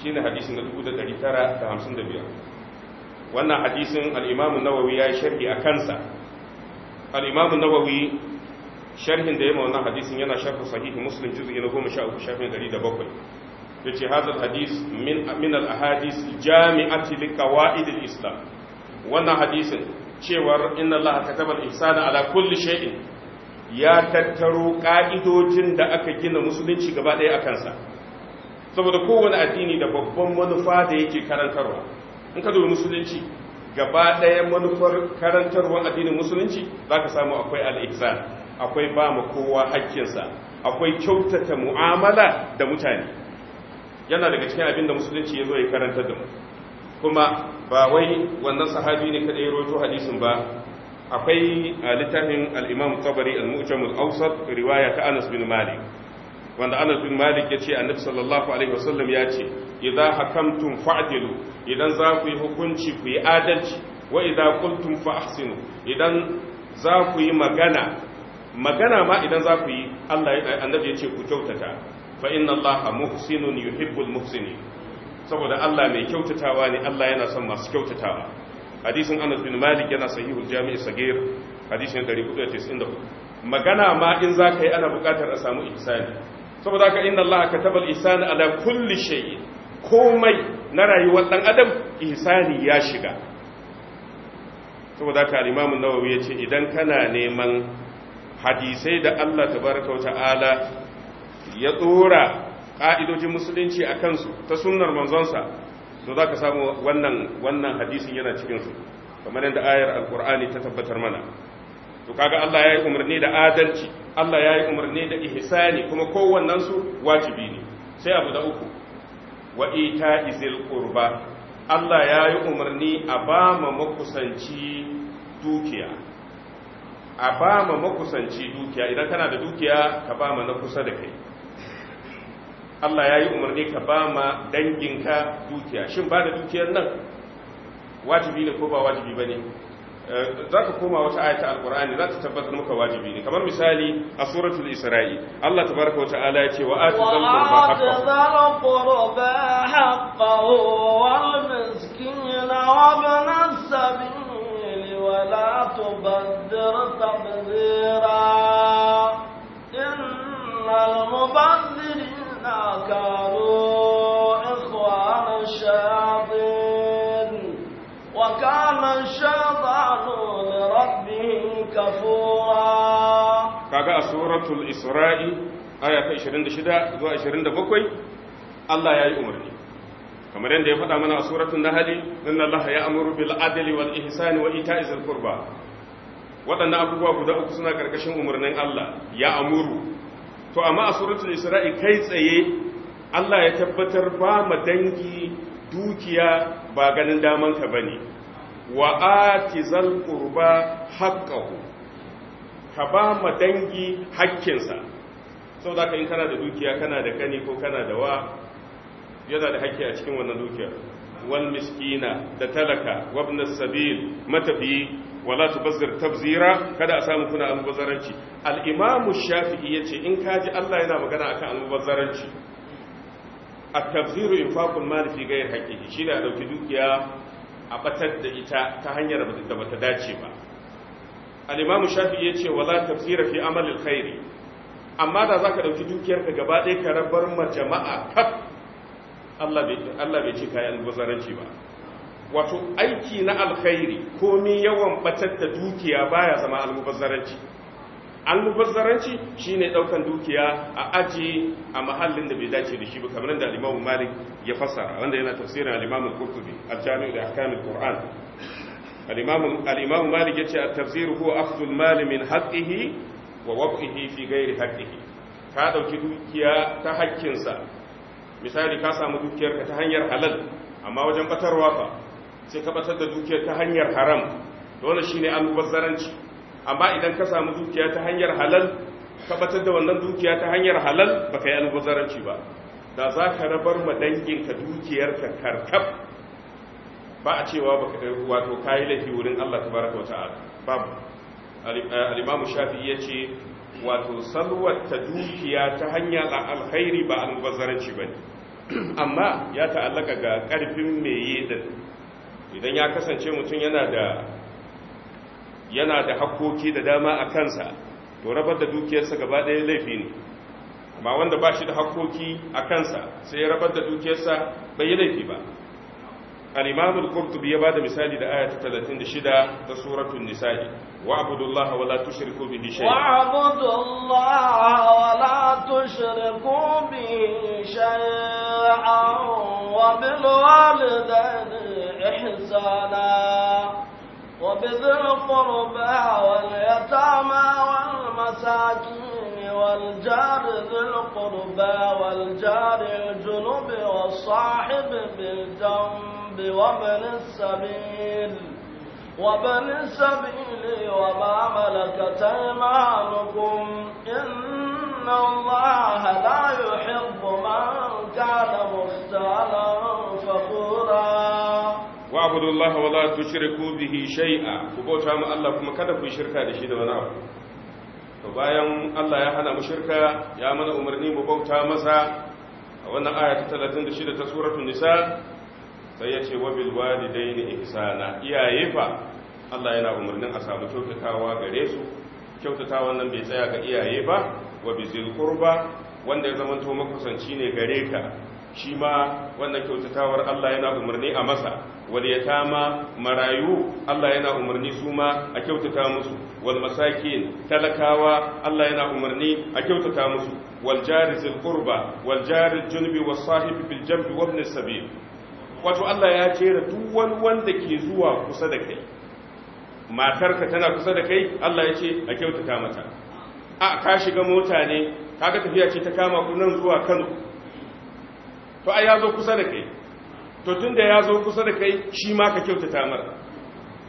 shine hadisin da 1955 wannan hadisin al'imamun nawawi ya yi sharhi a kansa al'imamun nawawi sharhin da ya wannan hadisin yana sharfa sahihin Musulun juzi na goma sha uku shafin dari da bakwai Da ce hadal hadis min al-ahadis jami'ati li qawaidil islam wannan hadisin cewar inna allaha kataba al-ihsana ala kulli shay'in ya tattaro ka'idojin da aka gina musulunci gaba ɗaya a kansa saboda kowane addini da babban manufa da yake karantarwa in ka dubi musulunci gaba ɗaya manufar karantarwar addinin musulunci za ka samu akwai al'ihsan akwai ba mu kowa hakkinsa akwai kyautata mu'amala da mutane yana daga cikin abin da musulunci ya zo ya karanta da mu kuma ba wai wannan sahabi ne kaɗai roto hadisin ba akwai littafin al'imam tabari al-mu'jamul riwaya ta anas bin malik wanda Anas bin Malik ya ce Annabi sallallahu alaihi wasallam ya ce idza hakamtum fa'dilu idan za ku yi hukunci ku yi adalci wa idza qultum fa ahsinu idan za ku yi magana magana ma idan za ku yi Allah Annabi ya ce ku kyautata fa inna Allaha muhsinun yuhibbul muhsinin saboda Allah mai kyautatawa ne Allah yana son masu kyautatawa hadisin Anas bin Malik yana sahihul Jami' Sagir hadisin 494 magana ma in za ka yi ana bukatar a samu ihsani saboda haka inna Allah kataba al-ihsana ala kulli shay'in komai na rayuwar dan adam ihsani ya shiga saboda haka al-Imam an-Nawawi yace idan kana neman hadisai da Allah tabaraka wa ta'ala ya tsora ka'idojin musulunci a kansu ta sunnar manzonsa to zaka ka samu wannan hadisin yana cikin su kamar yadda ayar qurani ta tabbatar mana to kaga Allah ya yi umarni da adalci Allah ya yi umarni da ihsani kuma kowannen su wajibi ne sai abu da uku wa ita izil qurba Allah ya yi umarni a ba ma makusanci dukiya a ba ma makusanci dukiya idan kana da dukiya ka ba ma na kusa da kai Allah ya yi umarni ka ba ma danginka dukiya shin ba da dukiyar nan wajibi ne ko ba wajibi bane Eh, za ka koma wata ayata alkur'ani za ta tabbatar maka wajibi ne kamar misali a suratul isra'i Allah tabaraka wa ta'ala ya ce wa ati zal qurba haqqahu wal miskina wa ibn as-sabil wa la tubaddir tabdira innal mubadirina kana غفورا kaga a suratul isra'i aya ta 26 zuwa 27 Allah ya yi umarni kamar yadda ya faɗa mana a suratul nahl inna ya ya'muru bil adli wal ihsani wa ita'i zil qurba waɗannan abubuwa guda uku suna karkashin umarnin Allah ya amuru to amma a suratul isra'i kai tsaye Allah ya tabbatar ba ma dangi dukiya ba ganin damanka bane wa ati qurba haqqahu ka ba ma dangi hakkinsa sau da ka yi kana da dukiya kana da kani ko kana da wa yana da hakki a cikin wannan dukiyar wal miskina da talaka wabnas sabil matabi, wala tubazzir tabzira kada a samu kuna almubazzaranci al-imamu shafi'i yace in kaji Allah yana magana akan almubazzaranci at-tabziru infaqul mal fi ghayri haqqihi shi da dauki dukiya a batar da ita ta hanyar da bata dace ba al-imamu shafi ya ce wala tafsira fi amalil khairi amma da zaka dauki dukiyarka gaba ɗaya ka rabar ma jama'a kaf Allah bai Allah bai ce kayan guzaranci ba wato aiki na alkhairi komi yawan batar da dukiya baya zama almubazzaranci almubazzaranci shine daukan dukiya a ajiye a mahallin da bai dace da shi ba kamar da al Malik ya fassara wanda yana tafsirin al-Imam Al-Qurtubi da jami li al-Qur'an al malik yace at-tafsir huwa akhdhu al-mal min haqqihi wa wad'ihi fi ghairi haqqihi ka dauki dukiya ta sa misali ka samu ka ta hanyar halal amma wajen batarwa fa sai ka batar da dukiyar ta hanyar haram dole shine almubazzaranci amma idan ka samu dukiya ta hanyar halal ka batar da wannan dukiya ta hanyar halal baka yi almubazzaranci ba da za ka rabar ma danginka dukiyarka karkab ba a cewa wato kayi laifi wurin Allah baraka wa ta'ala babu al eh, imamu shafi ce wato salwar ta dukiya ta hanya alkhairi ba bazaranci ba amma ya ta'allaka ga karfin meye da idan ya kasance mutum yana da yana da hakkoki da dama a kansa to rabar da dukiyarsa gaba ɗaya laifi ne amma wanda ba shi da hakkoki a kansa sai ya rabar da dukiyarsa bai yi laifi ba الإمام القرطبي يبعد مساجد آية 36 سوره النساء وَاعْبُدُوا اللَّهَ وَلَا تُشْرِكُوا بِهِ شَيْئًا وَاعْبُدُوا اللَّهَ وَلَا تُشْرِكُوا بِهِ شَيْئًا وَبِالْوَالِدَيْنِ إِحْسَانًا وَبِذِي الْقُرْبَى وَالْيَتَامَى وَالْمَسَاكِينِ وَالْجَارِ ذِي الْقُرْبَى وَالْجَارِ الْجُنُبِ وَالصَّاحِبِ بِالْجَنْبِ الصد وابن السبيل وابن السبيل وما ملكت ايمانكم إن الله لا يحب من كان مختالا فخورا واعبدوا الله ولا تشركوا به شيئا كبوتا ما الله كما كذا في شركه da shi da wani abu to bayan Allah ya hana mu shirka ya mana umarni mu bauta masa a wannan aya 36 ta suratul nisa sai ya ce wabil walidaini ihsana iyaye fa Allah yana umarnin a samu kyautatawa gare su kyautatawa nan bai tsaya ga iyaye ba wa bizil qurba wanda ya zamanto makusanci ne gare ka shi ma wannan kyautatawar Allah yana umarni a masa wal yatama marayu Allah yana umarni su ma a kyautata musu wal masakin talakawa Allah yana umarni a kyautata musu wal jari zil qurba wal jari junubi was sahib bil jambi wa ibn sabil wato Allah ya jera duk wani wanda ke zuwa kusa da kai matarka tana kusa da kai Allah ya ce a kyautata mata a ka shiga mota ne kaga tafiya ce ta kama ku nan zuwa Kano to ai ya zo kusa da kai to tunda ya zo kusa da kai shi ma ka kyautata mar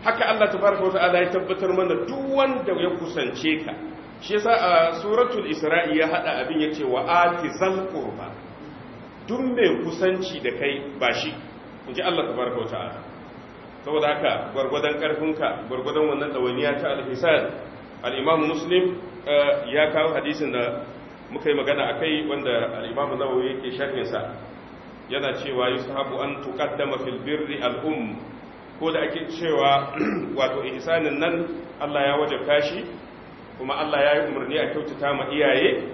haka Allah tabaraka wata'ala ya tabbatar mana duk wanda ya kusance ka shi yasa a suratul isra'i ya hada abin yace wa atizal qurba duk mai kusanci da kai ba shi in ji Allah tabaraka wa ta'ala saboda haka gwargwadon karfinka gwargwadon wannan dawaniya ta al-hisab al-imam muslim eh, ya kawo hadisin da muka yi magana akai wanda al-imam nawawi yake sharhin sa yana cewa yusahabu an tuqaddama fil birri al-umm ko da ake cewa wato ihsanin nan Allah ya wajabta shi kuma Allah ya yi umarni a kyautata ma iyaye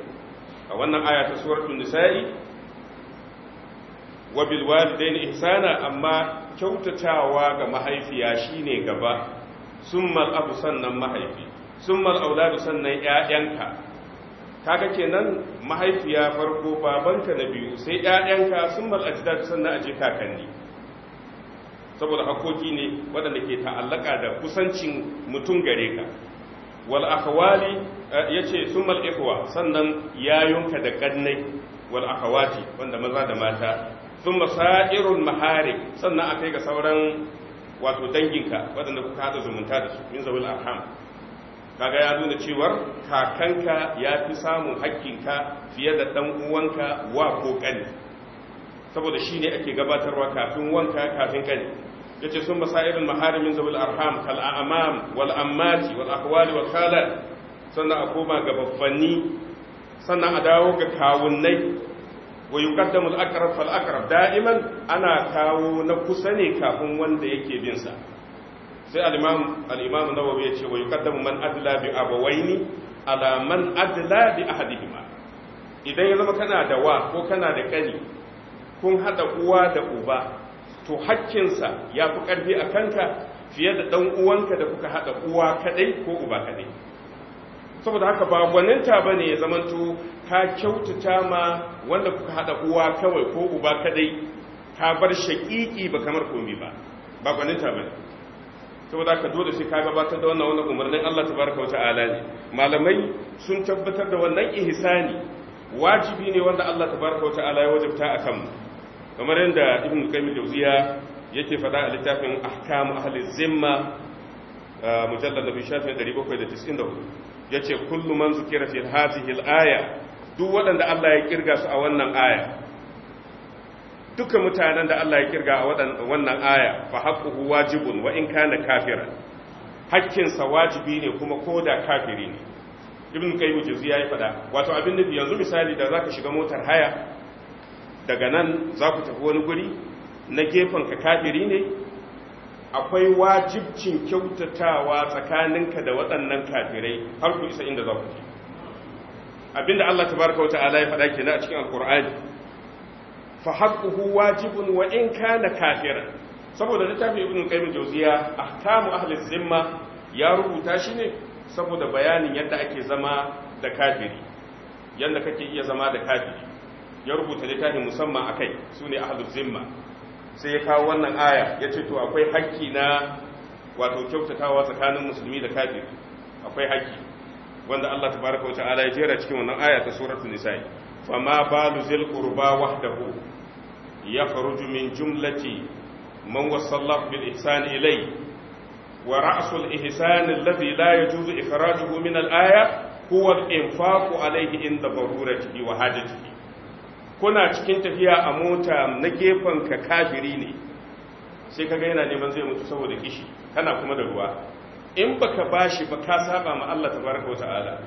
a wannan aya ta suratul nisa'i wa bil walidaini ihsana amma kyautatawa ga mahaifiya shine gaba summal abu sannan mahaifi summal auladu sannan ƴaƴanka kaga kenan mahaifiya farko babanka na biyu sai ƴaƴanka summal ajdad sannan aje kakanni saboda hakoki ne waɗanda ke ta'allaka da kusancin mutum gare ka wal akhawali eh, yace summal ikhwa sannan yayunka da kannai wal akhawati wanda maza da mata thumma sa'irul maharib sannan a kai ga sauran wato danginka waɗanda kuka haɗa zumunta da su min zawil arham kaga ya nuna cewar kakanka ya fi samun haƙƙinka fiye da ɗan uwanka wa ko ƙani saboda shi ne ake gabatarwa kafin wanka kafin ƙani ya ce sun masa'irin maharimin zabil arham kal'amam wal ammati wal akwali wal khalat sannan a koma ga babbanni sannan a dawo ga kawunnai wa yuqaddamu al-aqrab fal da'iman ana kawo na kusa ne kafin wanda yake bin sa sai al-imam al-imam nawawi yace wa yuqaddamu man adla bi abawaini ala man adla bi ahadihima idan ya zama kana da wa ko kana da kani kun hada uwa da uba to hakkinsa ya fi karfi a kanka fiye da dan uwanka da kuka hada uwa kadai ko uba kadai saboda haka ba gwaninta ba ne ya zamanto ka kyautata ma wanda kuka haɗa uwa kawai ko uba kadai ka bar shaƙiƙi ba kamar komi ba ba gwaninta ba ne saboda haka dole sai ka gabatar da wannan wannan umarnin Allah ta baraka tabaraka wata'ala ne malamai sun tabbatar da wannan ihsani wajibi ne wanda Allah ta baraka tabaraka wata'ala ya wajabta a kanmu. kamar yadda ibn qayyim jawziya yake faɗa a littafin ahkam ahli zimma uh, mujallad nabi shafin 794 Ya kullu man zukira fi hadhihi al-aya duk waɗanda Allah ya kirga su a wannan aya duka mutanen da Allah ya kirga a wannan aya fa haqquhu wajibun wa in kana kafiran hakkinsa wajibi ne kuma koda kafiri ne ibn qayyim zai ya faɗa wato abin nufi yanzu misali da zaka shiga motar haya daga nan zaku tafi wani guri na gefen ka kafiri ne akwai wajibcin kyautatawa tsakaninka da waɗannan kafirai har ku isa inda za ku je abinda Allah tabaraka wata'ala ya faɗa kenan a cikin alkur'ani fa haqquhu wajibun wa in kana kafiran saboda littafin ibnu qayyim jawziya ahkamu ahli zimma ya rubuta shi ne saboda bayanin yadda ake zama da kafiri yadda kake iya zama da kafiri ya rubuta littafin musamman akai sune ahli zimma sai ya kawo wannan aya ya ce to akwai haƙƙi na wato kyautatawa tsakanin musulmi da kafiri akwai hakki wanda Allah tabaraka wa ta'ala ya jera cikin wannan aya ta suratul nisa fama balu zil qurba wahdahu yakhruju min jumlati man wasallahu bil ihsan ilay wa ra'sul ihsan alladhi la yajuzu ikhrajuhu min al aya huwa al infaqu alayhi inda ciki wa hajatihi kuna cikin tafiya a mota na gefen ka kafiri ne sai kaga yana neman zai mutu saboda kishi kana kuma da ruwa in baka bashi ba ka saba ma Allah tabaraka wata'ala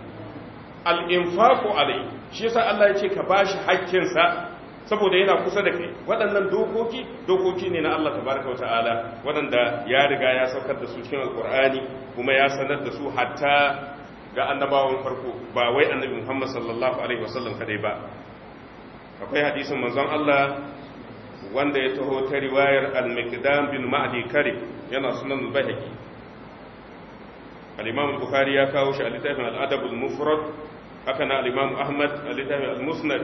al-infaqu alai shi yasa Allah ya ce ka bashi haƙƙin sa saboda yana kusa da kai waɗannan dokoki dokoki ne na Allah tabaraka wata'ala waɗanda ya riga ya saukar da su cikin alqur'ani kuma ya sanar da su hatta ga annabawan farko ba wai annabi Muhammad sallallahu alaihi wasallam kadai ba akwai hadisin manzon Allah wanda ya taho ta riwayar al-miqdam bin ma'di karib yana sunan al-bahaqi al-imam bukhari ya kawo shi a littafin al-adab al-mufrad haka na al-imam ahmad a littafin al-musnad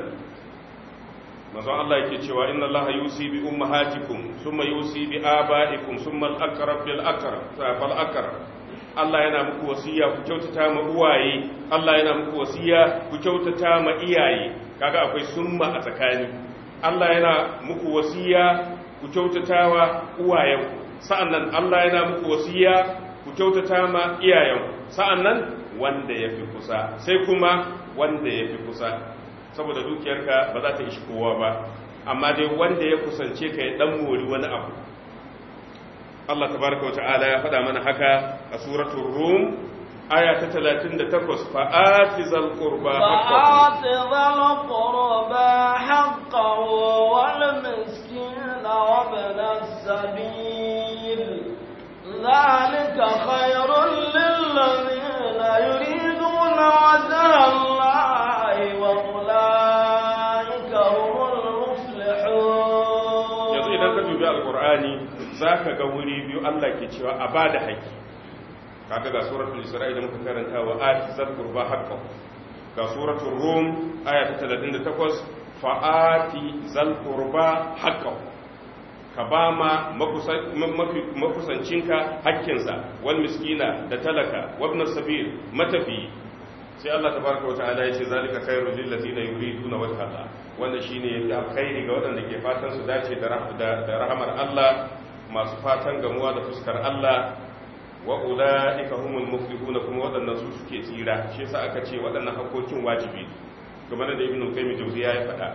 manzon Allah yake cewa inna Allah yusi bi ummahatikum thumma yusi bi abaikum thumma al-aqrab bil aqrab fal aqrab Allah yana muku wasiya ku kyautata ma uwaye Allah yana muku wasiya ku kyautata ma iyaye kaga akwai summa a tsakani Allah yana muku wasiya ku kyautatawa uwayen sa'annan Allah yana muku wasiya ku kyautata iyayen sa'annan wanda yafi kusa sai kuma wanda yafi kusa saboda dukiyarka ba za ta ishi kowa ba amma dai wanda ya kusance ka ya dan mori wani abu Allah tabaraka wa ta'ala ya faɗa mana haka a suratul rum aya ta 38 fa atizal qurba haqqahu wal miskina wa ibn as-sabil dhalika khayrun lil ladina yuriduna wajha Allah wa ulaika humul muflihun yanzu idan ka dubi alqur'ani zaka ga wuri biyu Allah ke cewa a bada haƙƙi kaga ga suratul isra'i da muka karanta wa ayat zakur ba ga suratul rum ayat 38 fa'ati zal qurba haqqo ka ba ma makusancinka hakkinsa wal miskina da talaka wabna sabil matafi sai Allah tabaraka wa ta'ala yace zalika khairul lil ladina yuriduna wajha Allah wannan shine yafi alkhairi ga waɗanda ke fatan su dace da rahmar Allah masu fatan gamuwa da fuskar Allah wa ulaika humul muflihun kuma waɗannan su suke tsira shi yasa aka ce waɗannan hakokin wajibi game da ibnu qayyim jawziya ya faɗa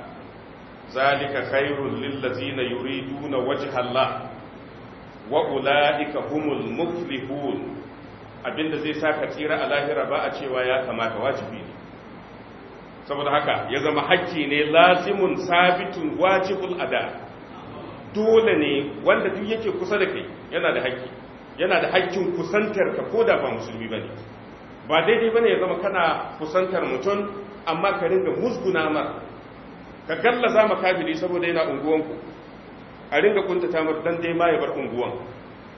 zalika khairul lil ladzina yuriduna wajha Allah wa ulaika humul muflihun abinda zai saka tsira a lahira ba a cewa ya kamata wajibi saboda haka ya zama hakki ne lazimun sabitun wajibul ada dole ne wanda duk yake kusa da kai yana da hakki yana da haƙƙin kusantar ka ko da ba musulmi bane ba daidai ba ne ya zama kana kusantar mutum amma ka ringa musguna mar ka mu makabili saboda yana unguwanku a ringa kuntata mar dan dai ma ya bar unguwan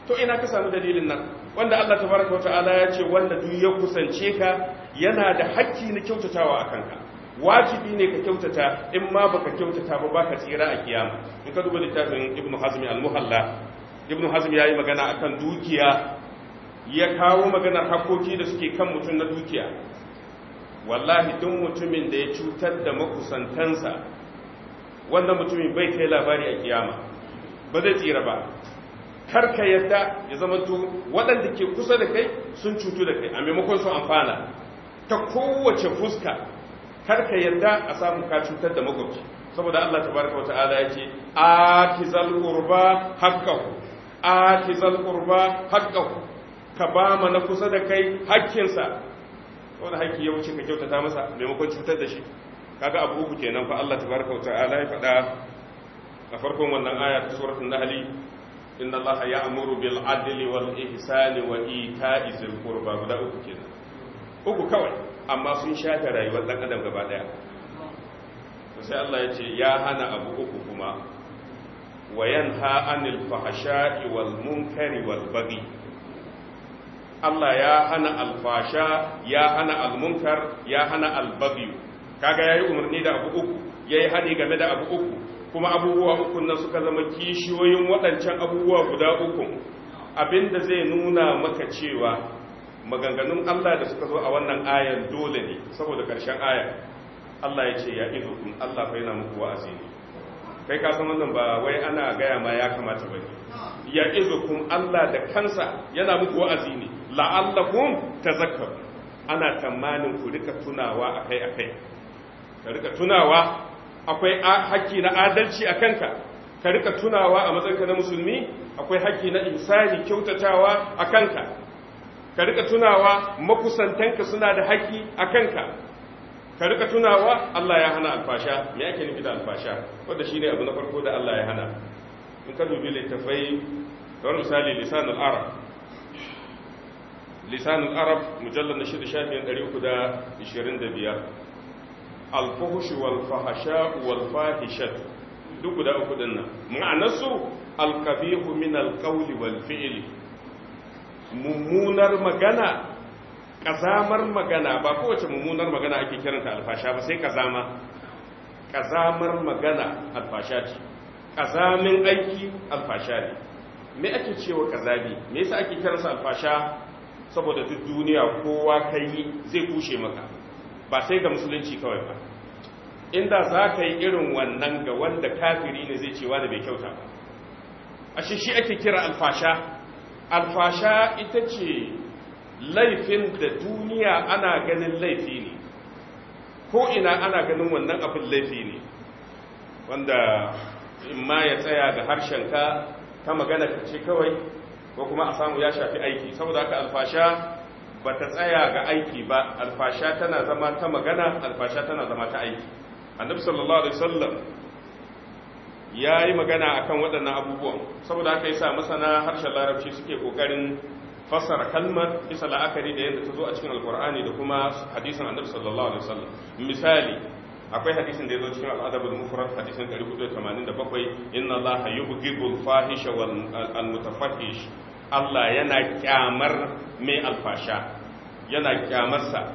to ina ka samu dalilin nan wanda Allah tabaraka wa ta'ala ya ce wanda duk ya kusance ka yana da haƙƙi na kyautatawa akan ka wajibi ne ka kyautata in ma baka kyautata ba baka tsira a kiyama in ka duba littafin ibnu hazmi al-Muhalla ibn hazm ya yi magana a kan dukiya ya kawo maganar hakoki da suke kan mutum na dukiya wallahi duk mutumin da ya cutar da makusantansa wannan mutumin bai kai labari a kiyama ba zai tsira ba karka yadda ya zama to waɗanda ke kusa da kai sun cutu da kai a maimakon sun amfana ta kowace fuska karka yadda a samu ka cutar da magwabci saboda Allah tabaraka wata'ala ya ce a ki qurba haqqahu atizal qurba haqqahu ka ba ma na kusa da kai Ko wanda hakki ya wuce ka kyautata masa maimakon cutar da shi kaga abu uku kenan fa Allah tabaraka wa ta'ala ya fada a farkon wannan aya ta suratul nahl inna Allah ya'muru bil adli wal ihsani wa ita'i zil qurba guda uku kenan uku kawai amma sun shafe rayuwar dan adam gaba daya sai Allah ya ce ya hana abu uku kuma wa yanha anil fahsha'i wal munkari wal Allah ya hana alfasha ya hana almunkar ya hana kaga yayi umarni da abu uku yayi haɗi game da abu uku kuma abubuwa uku nan suka zama kishiyoyin waɗancan abubuwa guda uku abinda zai nuna maka cewa maganganun Allah da suka zo a wannan ayan dole ne saboda ƙarshen ayan Allah ya ce ya izukum Allah fa yana muku wa'azi ne kai ka san wannan ba wai ana gaya ma ya kamata bai ya izukum Allah da kansa yana muku wa'azi ne la'allakum tazakkar ana tamanin ku rika tunawa akai akai ka rika tunawa akwai haƙƙi na adalci a kanka ka rika tunawa a matsayinka na musulmi akwai haƙƙi na insani kyautatawa a kanka ka rika tunawa makusantanka suna da haƙƙi a kanka ka rika tunawa Allah ya hana alfasha me yake nufi da alfasha wanda shine abu na farko da Allah ya hana in ka dubi littafai kamar misali lisan al-arab lisan al-arab mujallal na 6 shafin 325 al-fuhsh wal fahsha wal fahishat duk guda uku dinnan ma'anarsu al-qabih min al-qawli wal fi'li mummunar magana kazamar magana ba kowace mummunar magana ake kiranta alfasha ba sai kazama kazamar magana alfasha ce kazamin aiki alfasha ne me ake cewa kazabi me yasa ake kiransa alfasha saboda duk duniya kowa kai zai kushe maka ba sai ga musulunci kawai ba inda za ka yi irin wannan ga wanda kafiri ne zai cewa da bai kyauta ba ashe shi ake kira alfasha alfasha ita ce laifin da duniya ana ganin laifi ne ko ina ana ganin wannan abin laifi ne wanda in ma ya tsaya da harshenka ta magana ka ce kawai ko kuma a samu ya shafi aiki saboda haka alfasha ba ta tsaya ga aiki ba alfasha tana zama ta magana alfasha tana zama ta aiki annabi sallallahu alaihi wasallam ya yi magana akan waɗannan abubuwan saboda haka yasa masana harshen larabci suke kokarin fassara kalmar bisa la'akari da yadda ta zo a cikin alkur'ani da kuma hadisin annabi sallallahu alaihi wasallam misali akwai hadisin da ya zo cikin al'adabul mufrad hadisin 487 inna allaha yubghidul fahisha wal mutafahish Allah yana kyamar mai alfasha yana kyamarsa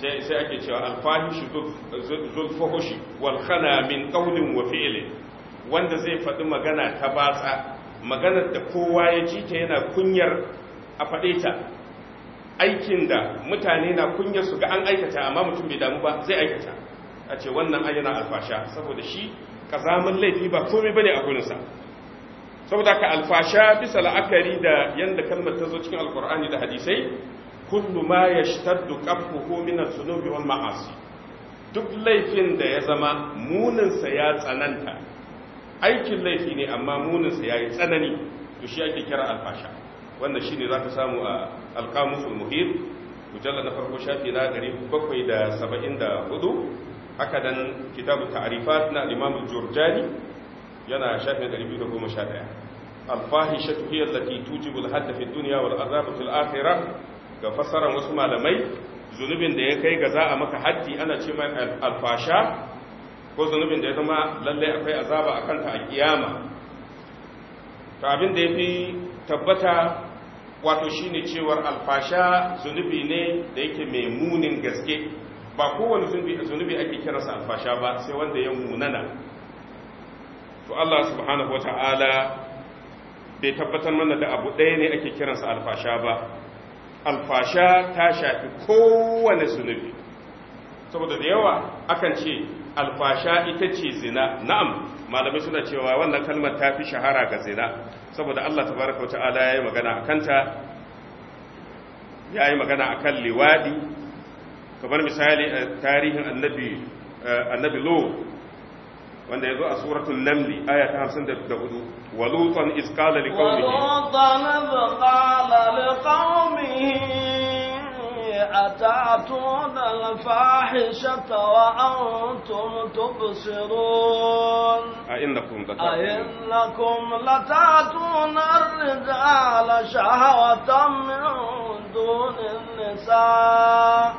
sai ake cewa alfahishi alfahish zulfuhushi wal khana min qawlin wa fi'lin wanda zai faɗi magana ta batsa maganar da kowa ya ji ta yana kunyar a faɗe ta aikin da mutane na kunyar su ga an aikata amma mutum bai damu ba zai aikata a ce wannan an yana alfasha saboda shi zamun laifi ba komai bane a gurinsa saboda ka alfasha bisa la'akari da yadda kalmar ta zo cikin alkur'ani da hadisai kullu ma shtaddu qafuhu min az-zunubi wal ma'asi duk laifin da ya zama muninsa ya tsananta aikin laifi ne amma muninsa ya yi tsanani to shi ake kira alfasha wannan shi ne za ka samu a alkamusul muhim mujalla na farko shafi na 774 haka dan kitabu ta'rifat na imam jurjani yana shafin 211 alfahishatu hiya allati tujibu alhadd fi dunya wal azab fil akhirah ga fasaran wasu malamai zunubin da ya kai ga za a maka haddi ana ce mai alfasha ko zunubin da ya zama lallai akwai azaba a kanta a kiyama to abin da ya fi tabbata wato shi ne cewar alfasha zunubi ne da yake mai munin gaske ba kowane zunubi ake kiransa alfasha ba sai wanda ya munana to Allah subhanahu ta'ala bai tabbatar mana da abu ɗaya ne ake kiransa alfasha ba alfasha ta shafi kowane zunubi saboda da yawa akan ce alfasha ita ce zina na'am malamai suna cewa wannan kalmar ta fi shahara ga zina saboda Allah Ta wa ta'ala ya yi magana a kanta ya yi magana a kan liwadi kamar misali a eh, tarihin annabi eh, annabi lo wanda ya zo a suratun namli aya ta 54 walutan isqala liqaumihi walutan isqala liqaumihi أتعتون الفاحشة وأنتم تبصرون أئنكم أئنكم لتعتون الرجال شهوة من دون النساء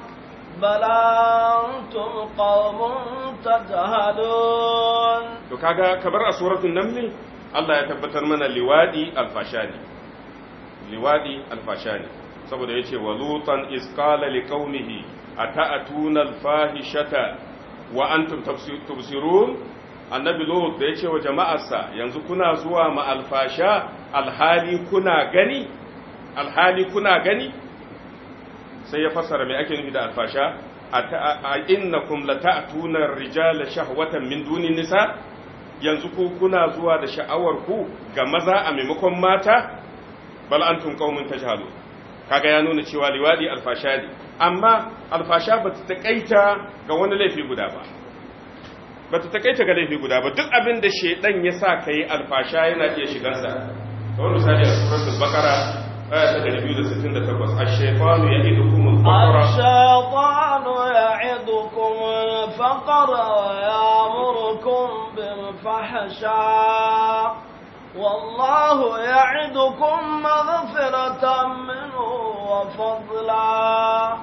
بل أنتم قوم تجهلون وكذا كبر سورة النمل الله يتبتر من اللوادي الفاشاني لوادي الفاشاني saboda ya ce wa lutan iskala li kaunihi a ta'atuna alfahishata wa antum tubsirun annabi lut da ya ce wa jama'arsa yanzu kuna zuwa ma alfasha alhali kuna gani alhali kuna gani sai ya fassara mai ake nufi da alfasha a innakum lata'tuna ar-rijala shahwatan min duni nisa yanzu ku kuna zuwa da sha'awar ku ga maza a maimakon mata bal antum qaumun tajhalun kaga ya nuna cewa liwadi alfasha ne amma alfasha ba ta takaita ga wani laifi guda ba ba ta takaita ga laifi guda ba duk abin da shedan ya sa ka yi alfasha yana iya shigansa kamar misali a bakara da da dari biyu sittin takwas a ya suratul baqara آية 268 الشيطان يعدكم الفقر الشيطان ya الفقر ويأمركم بالفحشاء والله يعدكم مغفرة منه وفضلا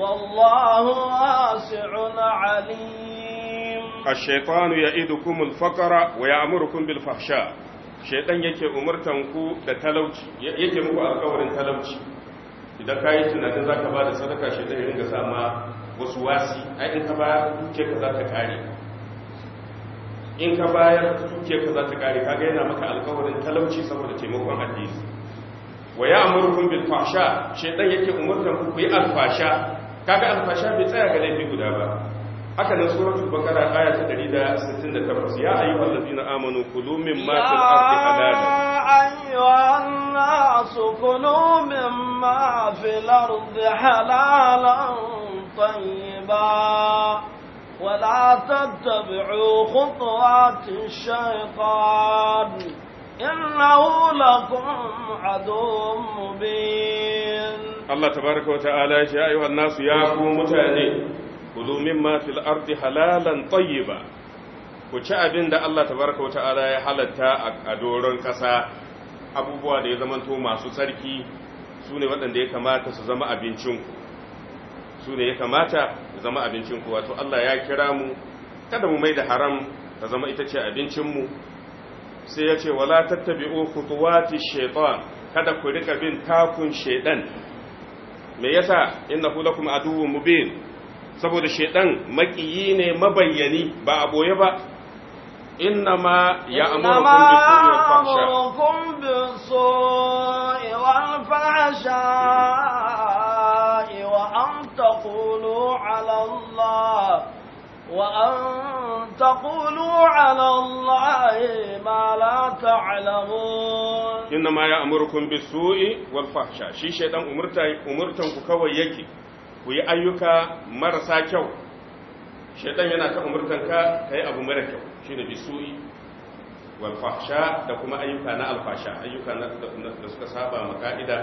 والله واسع عليم الشيطان يعدكم الفقر ويأمركم بالفحشاء shaitan yake umurtan ku da talauci yake muku alƙawarin talauci idan ka yi tunanin za ka ba da sadaka shaitan ya ringa sama wasu wasi ai in ka ba duke ka za ka kare in ka bayar duke ka za ta kare kaga yana maka alkawarin talauci saboda taimakon addini wa ya amurkum bil fahsha yake umurtan ku ku yi alfasha kaga alfasha bai tsaya ga laifi guda ba haka nan suratul baqara aya ta 168 ya ayyuhal ladina amanu kulu mimma fil ardi halalan ayyuhan nas kulu mimma fil ardi halalan ولا تتبعوا خطوات الشيطان إنه لكم عدو مبين الله تبارك وتعالى يا أيها الناس يا متاني خذوا مما في الأرض حلالا طيبا ku ci abin da Allah tabaraka Ala ya halatta a doron ƙasa abubuwa da ya zamanto masu tsarki su ne waɗanda ya kamata su zama abincinku su ne ya kamata zama abincin ku wato Allah ya kira mu kada mu mai da haram ta zama ita ce abincinmu sai ya ce wala tattabi'u khutuwati shaytan kada ku rika bin takun shaydan me yasa innahu lakum aduwwun mubin saboda shaydan makiyi ne mabayyani ba a boye ba innama ya'murukum bis-su'i أن تقولوا على الله وأن تقولوا على الله ما لا تعلمون إنما يأمركم بالسوء والفحشاء شي شيطان أمرتكم كوي يكي وي أيوكا مرسا كو shaitan yana ta umurtanka ka yi abu mara kyau shi ne bisu'i walfasha da kuma ayyuka na alfasha ayyuka na da suka saba maka'ida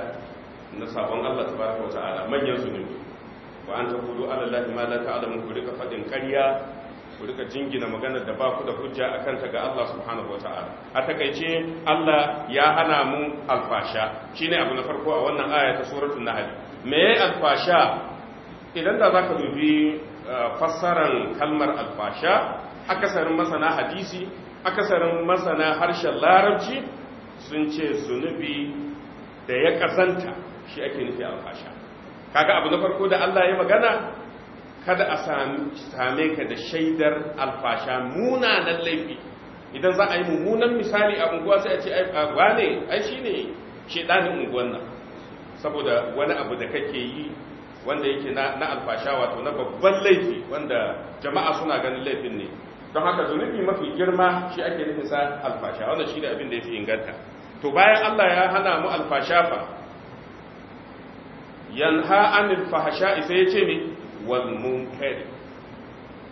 na sabon allah tabaraka wa ta'ala manyan zunubi wa an kudu ala allahi ma ku rika fadin ƙarya ku rika jingina maganar da ba ku da hujja a kanta ga Allah subhanahu ta’ala a takaice Allah ya hana mu alfasha shi ne abu na farko a wannan aya ta suratul nahl me alfasha idan da ka dubi uh, fassaran kalmar alfasha akasarin masana hadisi akasarin masana harshen larabci sun ce zunubi da ya ƙazanta shi ake nufi alfasha kaga abu na farko da Allah ya magana kada a same ka da shaidar alfasha munanan laifi idan za a yi mummunan misali a unguwa sai a ce a wane ai shine shedanin unguwan nan saboda wani abu da kake yi wanda yake na alfasha wato na babban laifi wanda jama'a suna ganin laifin ne don haka zunubi mafi girma shi ake nufin sa alfasha wanda shi da abin da ya fi inganta to bayan Allah ya hana mu alfasha fa yanha anil fahasha'i sai ya ce me wal munkari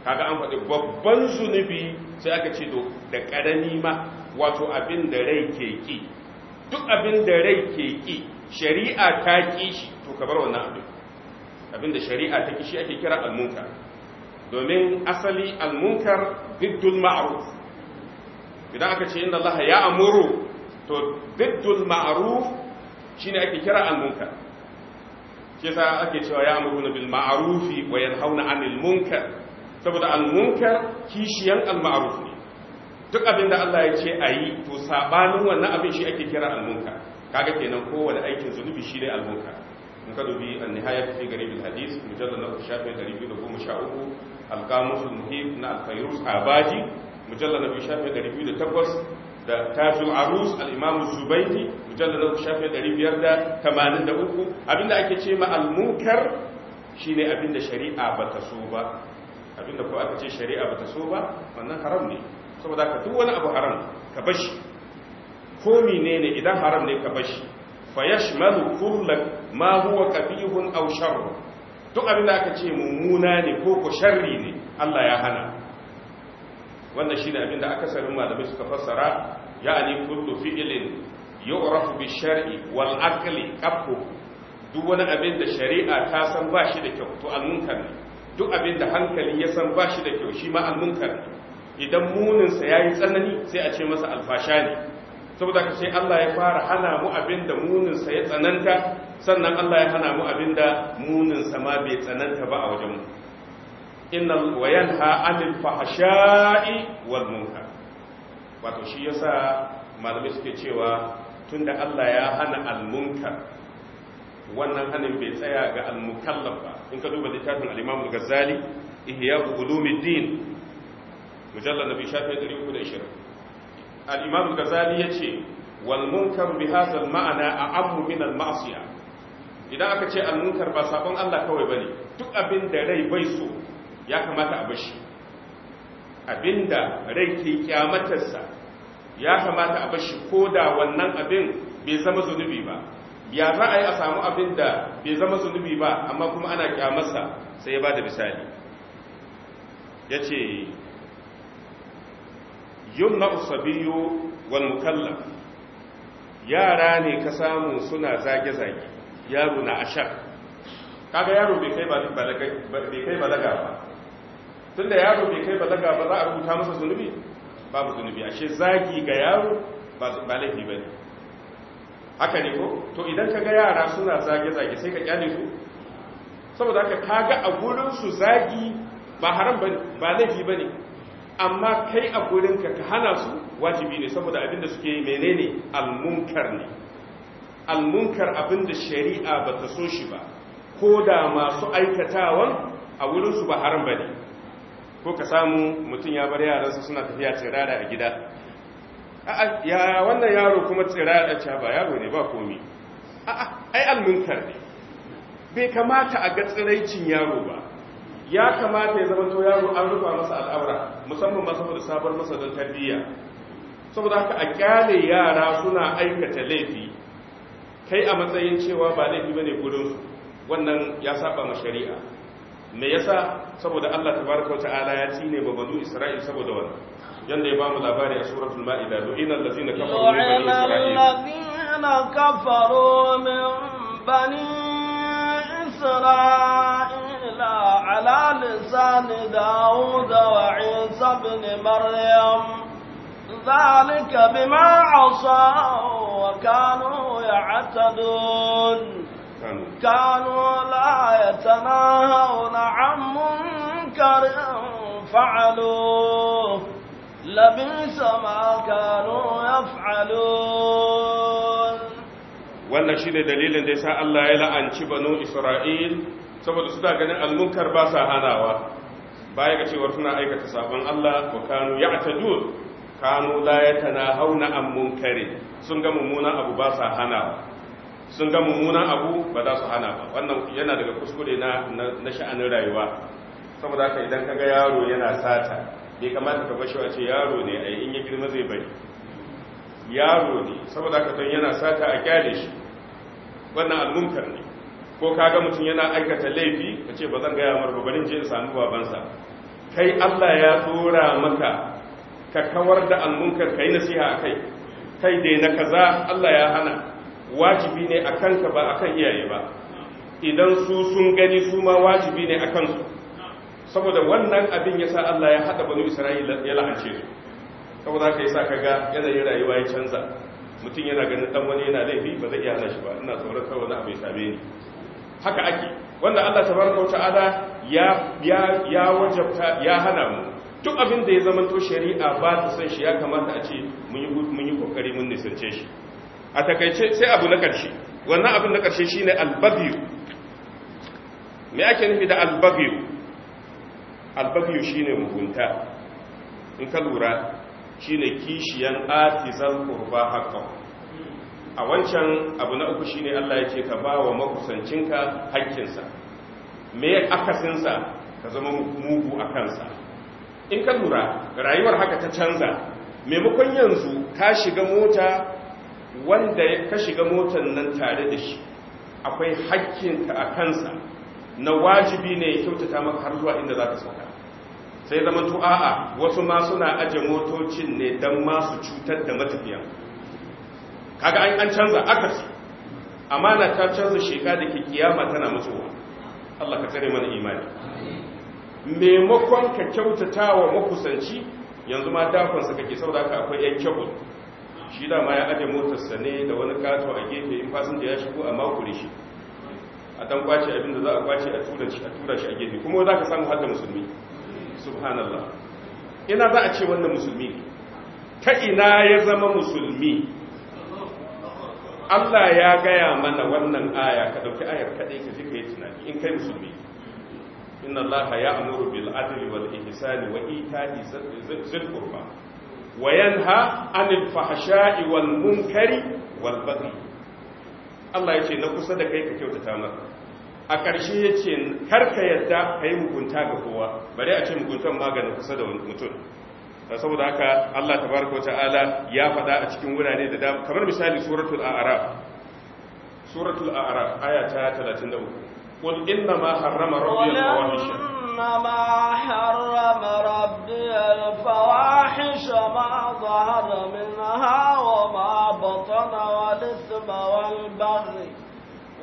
kaga an faɗi babban zunubi sai aka ce da ƙarami ma wato abin da rai ke ki duk abin da rai ke ki shari'a ta ki shi to ka bar wannan abin abin da shari'a ta ki shi ake kira al-munkar domin asali al-munkar diddul ma'ruf idan aka ce inna Allah ya amuru to diddul ma'ruf shine ake kira al-munkar shi yasa ake cewa ya amuruna bil ma'arufi wa yanhauna 'anil munkar saboda al munkar kishiyan al ma'ruf ne duk abin da Allah ya ce ayi to sabanin wannan abin shi ake kira al munkar kaga kenan kowane aikin zunubi shi ne al munkar in ka dubi an nihaya fi garib al hadis mujallad na shafi 213 al qamus al muhib na al fayrus abaji mujallad na shafi takwas. da tajul arus al-imam zubaidi mujallad na shafi 583 abinda ake ce ma shi ne shine abinda shari'a ba ta so ba abinda ko aka ce shari'a ba ta so ba wannan haram ne saboda ka duk wani abu haram ka bashi ko ne idan haram ne ka bashi fa yashmalu kullu ma huwa qabihun aw sharr duk abinda aka ce mummuna ne ko ko sharri ne Allah ya hana wannan shine abin da akasarin malamai suka fassara ya'ani kullu fi'lin yu'rafu bi shar'i wal aqli qabhu duk wani abin da shari'a ta san ba shi da kyau to al-munkar duk abin da hankali ya san ba shi da kyau shi ma al-munkar idan munin sa yayi tsanani sai a ce masa alfasha ne saboda ka sai Allah ya fara hana mu abin da munin sa ya tsananta sannan Allah ya hana mu abin da munin sa ma bai tsananta ba a wajen mu innal wa yanha anil fahsha'i wal munkar wato shi yasa malamai suke cewa tun da Allah ya hana al wannan hannun bai tsaya ga almukallaf ba in ka duba littafin al-Imam al-Ghazali Ihya Ulumuddin nabi shafi 320 al-Imam al-Ghazali yace wal munkar bi hadha al-ma'na a'ammu min al-ma'siyah idan aka ce almunkar ba sabon Allah kawai ba ne. duk abin da rai bai so ya kamata a bashi abinda rai ke kyamatarsa ya kamata a bashi ko da wannan abin bai zama zunubi ba ya za a yi a samu abin da bai zama zunubi ba amma kuma ana kyamarsa sai ya ba da misali ya ce yun na usabiyu wal mukallaf yara ne ka samu suna zage-zage yaro na ashar kaga yaro bai kai balaga ba tunda yaro bai kai balaga ba za a rubuta masa zunubi babu zunubi ashe zagi ga yaro ba laifi ba ne haka ne ko to idan ka ga yara suna zage-zage sai ka kyale su saboda haka ka ga a gurinsu zagi ba haram ba laifi ba ne amma kai a gurinka ka hana su wajibi ne saboda abin da suke yi menene almunkar ne almunkar abin da shari'a ba ta so shi ba ko da masu aikatawan a wurinsu ba haram ba ne ko ka samu mutum ya bar yaransa suna tafiya tsirara a gida a wannan yaro kuma tsirara ce ba yaro ne ba komi ai almuntar ne bai kamata a ga tsiraicin yaro ba ya kamata ya zama to yaro an rufa masa al'aura musamman masu saboda sabon masa don tarbiyya saboda haka a kyale yara suna aikata laifi kai a matsayin cewa ba laifi ne gudunsu, wannan ya saba ma shari'a me yasa saboda Allah tabaraka wa ta'ala ya tsine ba banu Isra'il saboda wannan yanda ya bamu labari a suratul ma'ida do inal ladzina kafaru min bani Isra'il ladzina kafaru min bani إسرائيل على لسان داود وعيسى بن مريم ذلك بما عصوا وكانوا يعتدون كانوا لا يتناهون عن منكر فعلوه لبئس ما كانوا يفعلون wannan shine dalilin da yasa Allah ya la'anci banu Isra'il saboda su da ganin almunkar ba sa hanawa baya ga cewa suna aikata sabon Allah ko kanu ya'tadun kanu la yatanahawna an munkari sun ga mummunan abu ba sa hanawa sun ga mummunan abu ba za su hana ba wannan yana daga kuskure na na sha'anin rayuwa saboda haka idan kaga yaro yana sata bai kamata ka bashi a ce yaro ne a in ya girma zai bari yaro ne saboda haka don yana sata a kyale shi wannan almunkar ne ko kaga mutum yana aikata laifi ka ce ba zan gaya mar barin je in sami babansa kai Allah ya tsora maka ka kawar da almunkar kai nasiha akai kai dai na kaza Allah ya hana wajibi ne a kanka ba akan iyaye ba idan su sun gani su ma wajibi ne a kansu saboda wannan abin ya sa Allah ya haɗa banu Isra'ila ya la'ance su saboda haka ka ga yanayin rayuwa ya canza mutum yana ganin dan wani yana laifi ba zai iya hana shi ba ina tsoron kawai wani abu ya same ni haka ake wanda Allah tabaraka wa ta'ala ya ya wajabta ya hana mu duk abin da ya zama to shari'a ba ta san shi ya kamata a ce mun yi mun yi kokari mun nisance shi a takaice sai abu na ƙarshe wannan abin na ƙarshe shine albabiyu me ake nufi da albabiyu albabiyu shine mugunta in ka lura shi ne kishiyan artisan kurba haqqan a wancan abu na uku shi ne Allah ya ce ka wa makusancinka haƙƙinsa me akasinsa ka zama mugu a kansa in ka lura rayuwar haka ta canza maimakon yanzu ka shiga mota wanda ka shiga motar nan tare da shi akwai hakkinka a kansa na wajibi ne ya kyautata maka har inda za ka sauka sai zama tu'a'a wasu ma suna aje motocin ne don masu cutar da matafiya kaga an canza akasi amana ta canza sheka da ke kiyama tana matsowa Allah ka tsare mana imani maimakon ka kyautata wa makusanci yanzu ma dakonsa kake sau da aka akwai yan kyau shi da ma ya aje motarsa ne da wani kato a gefe in fasinja ya shigo a makure shi a dan kwace abin da za a kwace a tura shi a tura shi a gefe kuma za ka samu hadda musulmi subhanallah ina za a ce wannan musulmi ta ina ya zama musulmi Allah ya gaya mana wannan aya ka dauki ayar kadai ka jika yi tunani in kai musulmi inna Allah ya amuru bil adli wal ihsani wa ita'i zil wa yanha anil fahsha'i wal munkari wal Allah yace na kusa da kai ka kyautata masa a ƙarshe yace ka yadda kai mugunta ga kowa bare a ce muguntan maganin kusa da mutum saboda haka Allah tabaraka ta'ala ya faɗa a cikin wurare da dama kamar misali suratul a'raf suratul a'raf aya ta 33 qul inna ma harrama rabbiyal fawahisha إنما حرم ربي الفواحش ما ظهر منها وما بطن والإثم والبغي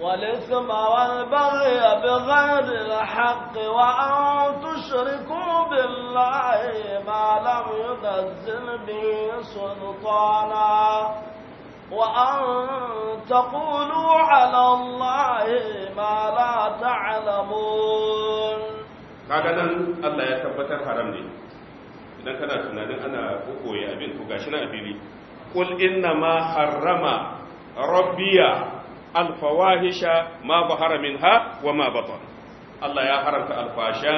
والإثم والبغي بغير الحق وأن تشركوا بالله ما لم ينزل به سلطانا وأن تقولوا على الله ما لا تعلمون kaga nan Allah ya tabbatar haram ne idan kana tunanin ana kokoye abin to gashi na abili qul inna ma harrama rabbiya alfawahisha ma bahara minha wa ma batan Allah ya haramta alfasha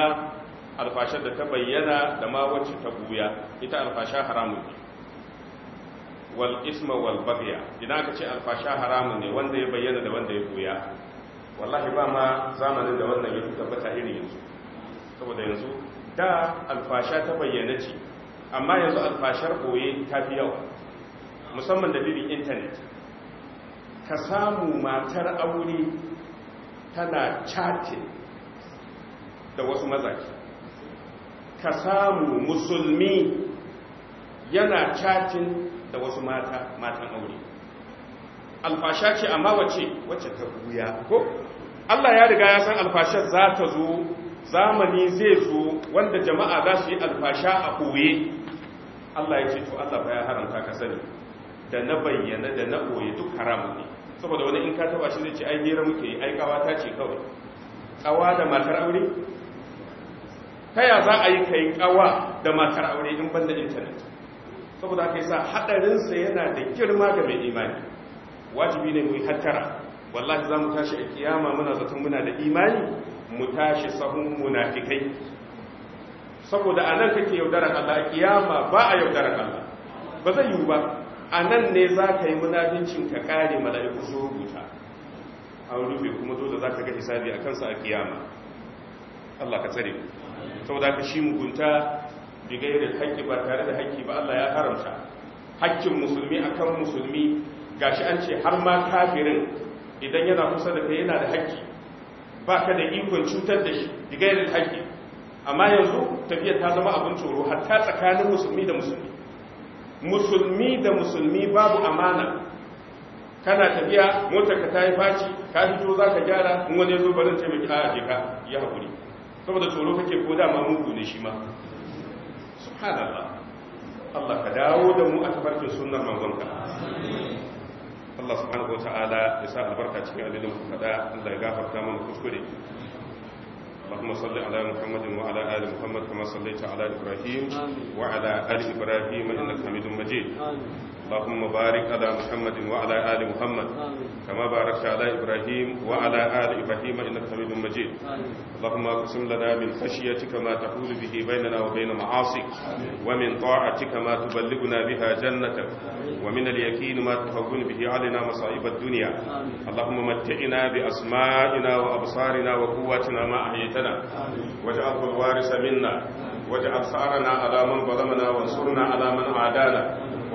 alfashar da ta bayyana da ma wacce ta buya ita alfasha haramun ne wal isma wal bagya idan aka ce alfasha haramun ne wanda ya bayyana da wanda ya buya wallahi ba ma zamanin da wannan ya tabbata irin yanzu saboda yanzu da alfasha ta bayyana ce amma yanzu alfashar ɓoye ta fi yawa musamman da dalilin intanet ka samu matar aure tana chatin da wasu mazaki ka samu musulmi yana chatin da wasu mata matan aure alfasha ce amma wace wacce ta buya ko Allah ya riga ya san alfashar za ta zo zamani zai zo wanda jama'a za su yi alfasha a koye Allah ya ce to Allah ba ya haramta ka sani da na bayyana da na koye duk haram ne saboda wani in ka taba shi zai ce ai hira muke ai kawa ta ce kawai kawa da matar aure ta ya za a yi kai kawa da matar aure in banda intanet saboda aka yi sa haɗarinsa yana da girma ga mai imani wajibi ne mu yi hattara wallahi za mu tashi a kiyama muna zaton muna da imani mu tashi sahun munafikai saboda anan kake yaudaran Allah kiyama ba a yaudaran Allah ba zai yiwu ba anan ne za ka yi munafincin ka kare mala'iku su rubuta an rufe kuma dole za ka ga hisabi a kansa a kiyama Allah ka tsare saboda ka shi mugunta yadda haƙƙi ba tare da haƙƙi ba Allah ya haramta haƙƙin musulmi akan musulmi gashi an ce har ma kafirin idan yana kusa da kai yana da haƙƙi ba ka da ikon cutar da shi digairin haƙi amma yanzu tafiyar ta zama abin tsoro hatta tsakanin musulmi da musulmi musulmi da musulmi babu amana kana tafiya motar ka ta yi faci ka fito za ka gyara in wani ya zo barin ce mai aje ka ya haƙuri saboda tsoro kake ko dama mugu ne shi ma subhanallah Allah ka dawo da mu a tafarkin sunan manzon Allah subhanahu wata'ala ya sa albarka cikin abin muka faɗa Allah ya gafarta mana kuskure اللهم صل على محمد وعلى آل محمد كما صليت على إبراهيم وعلى آل إبراهيم إنك حميد مجيد اللهم بارك على محمد وعلى آل محمد كما باركت على إبراهيم وعلى آل إبراهيم إنك حميد مجيد اللهم اقسم لنا من خشيتك ما تحول به بيننا وبين معاصيك ومن طاعتك ما تبلغنا بها جنتك ومن اليقين ما تهون به علينا مصائب الدنيا اللهم متعنا بأسمائنا وأبصارنا وقواتنا ما أحيتنا واجعله الوارث منا واجعل ثارنا على من ظلمنا وانصرنا على من عادانا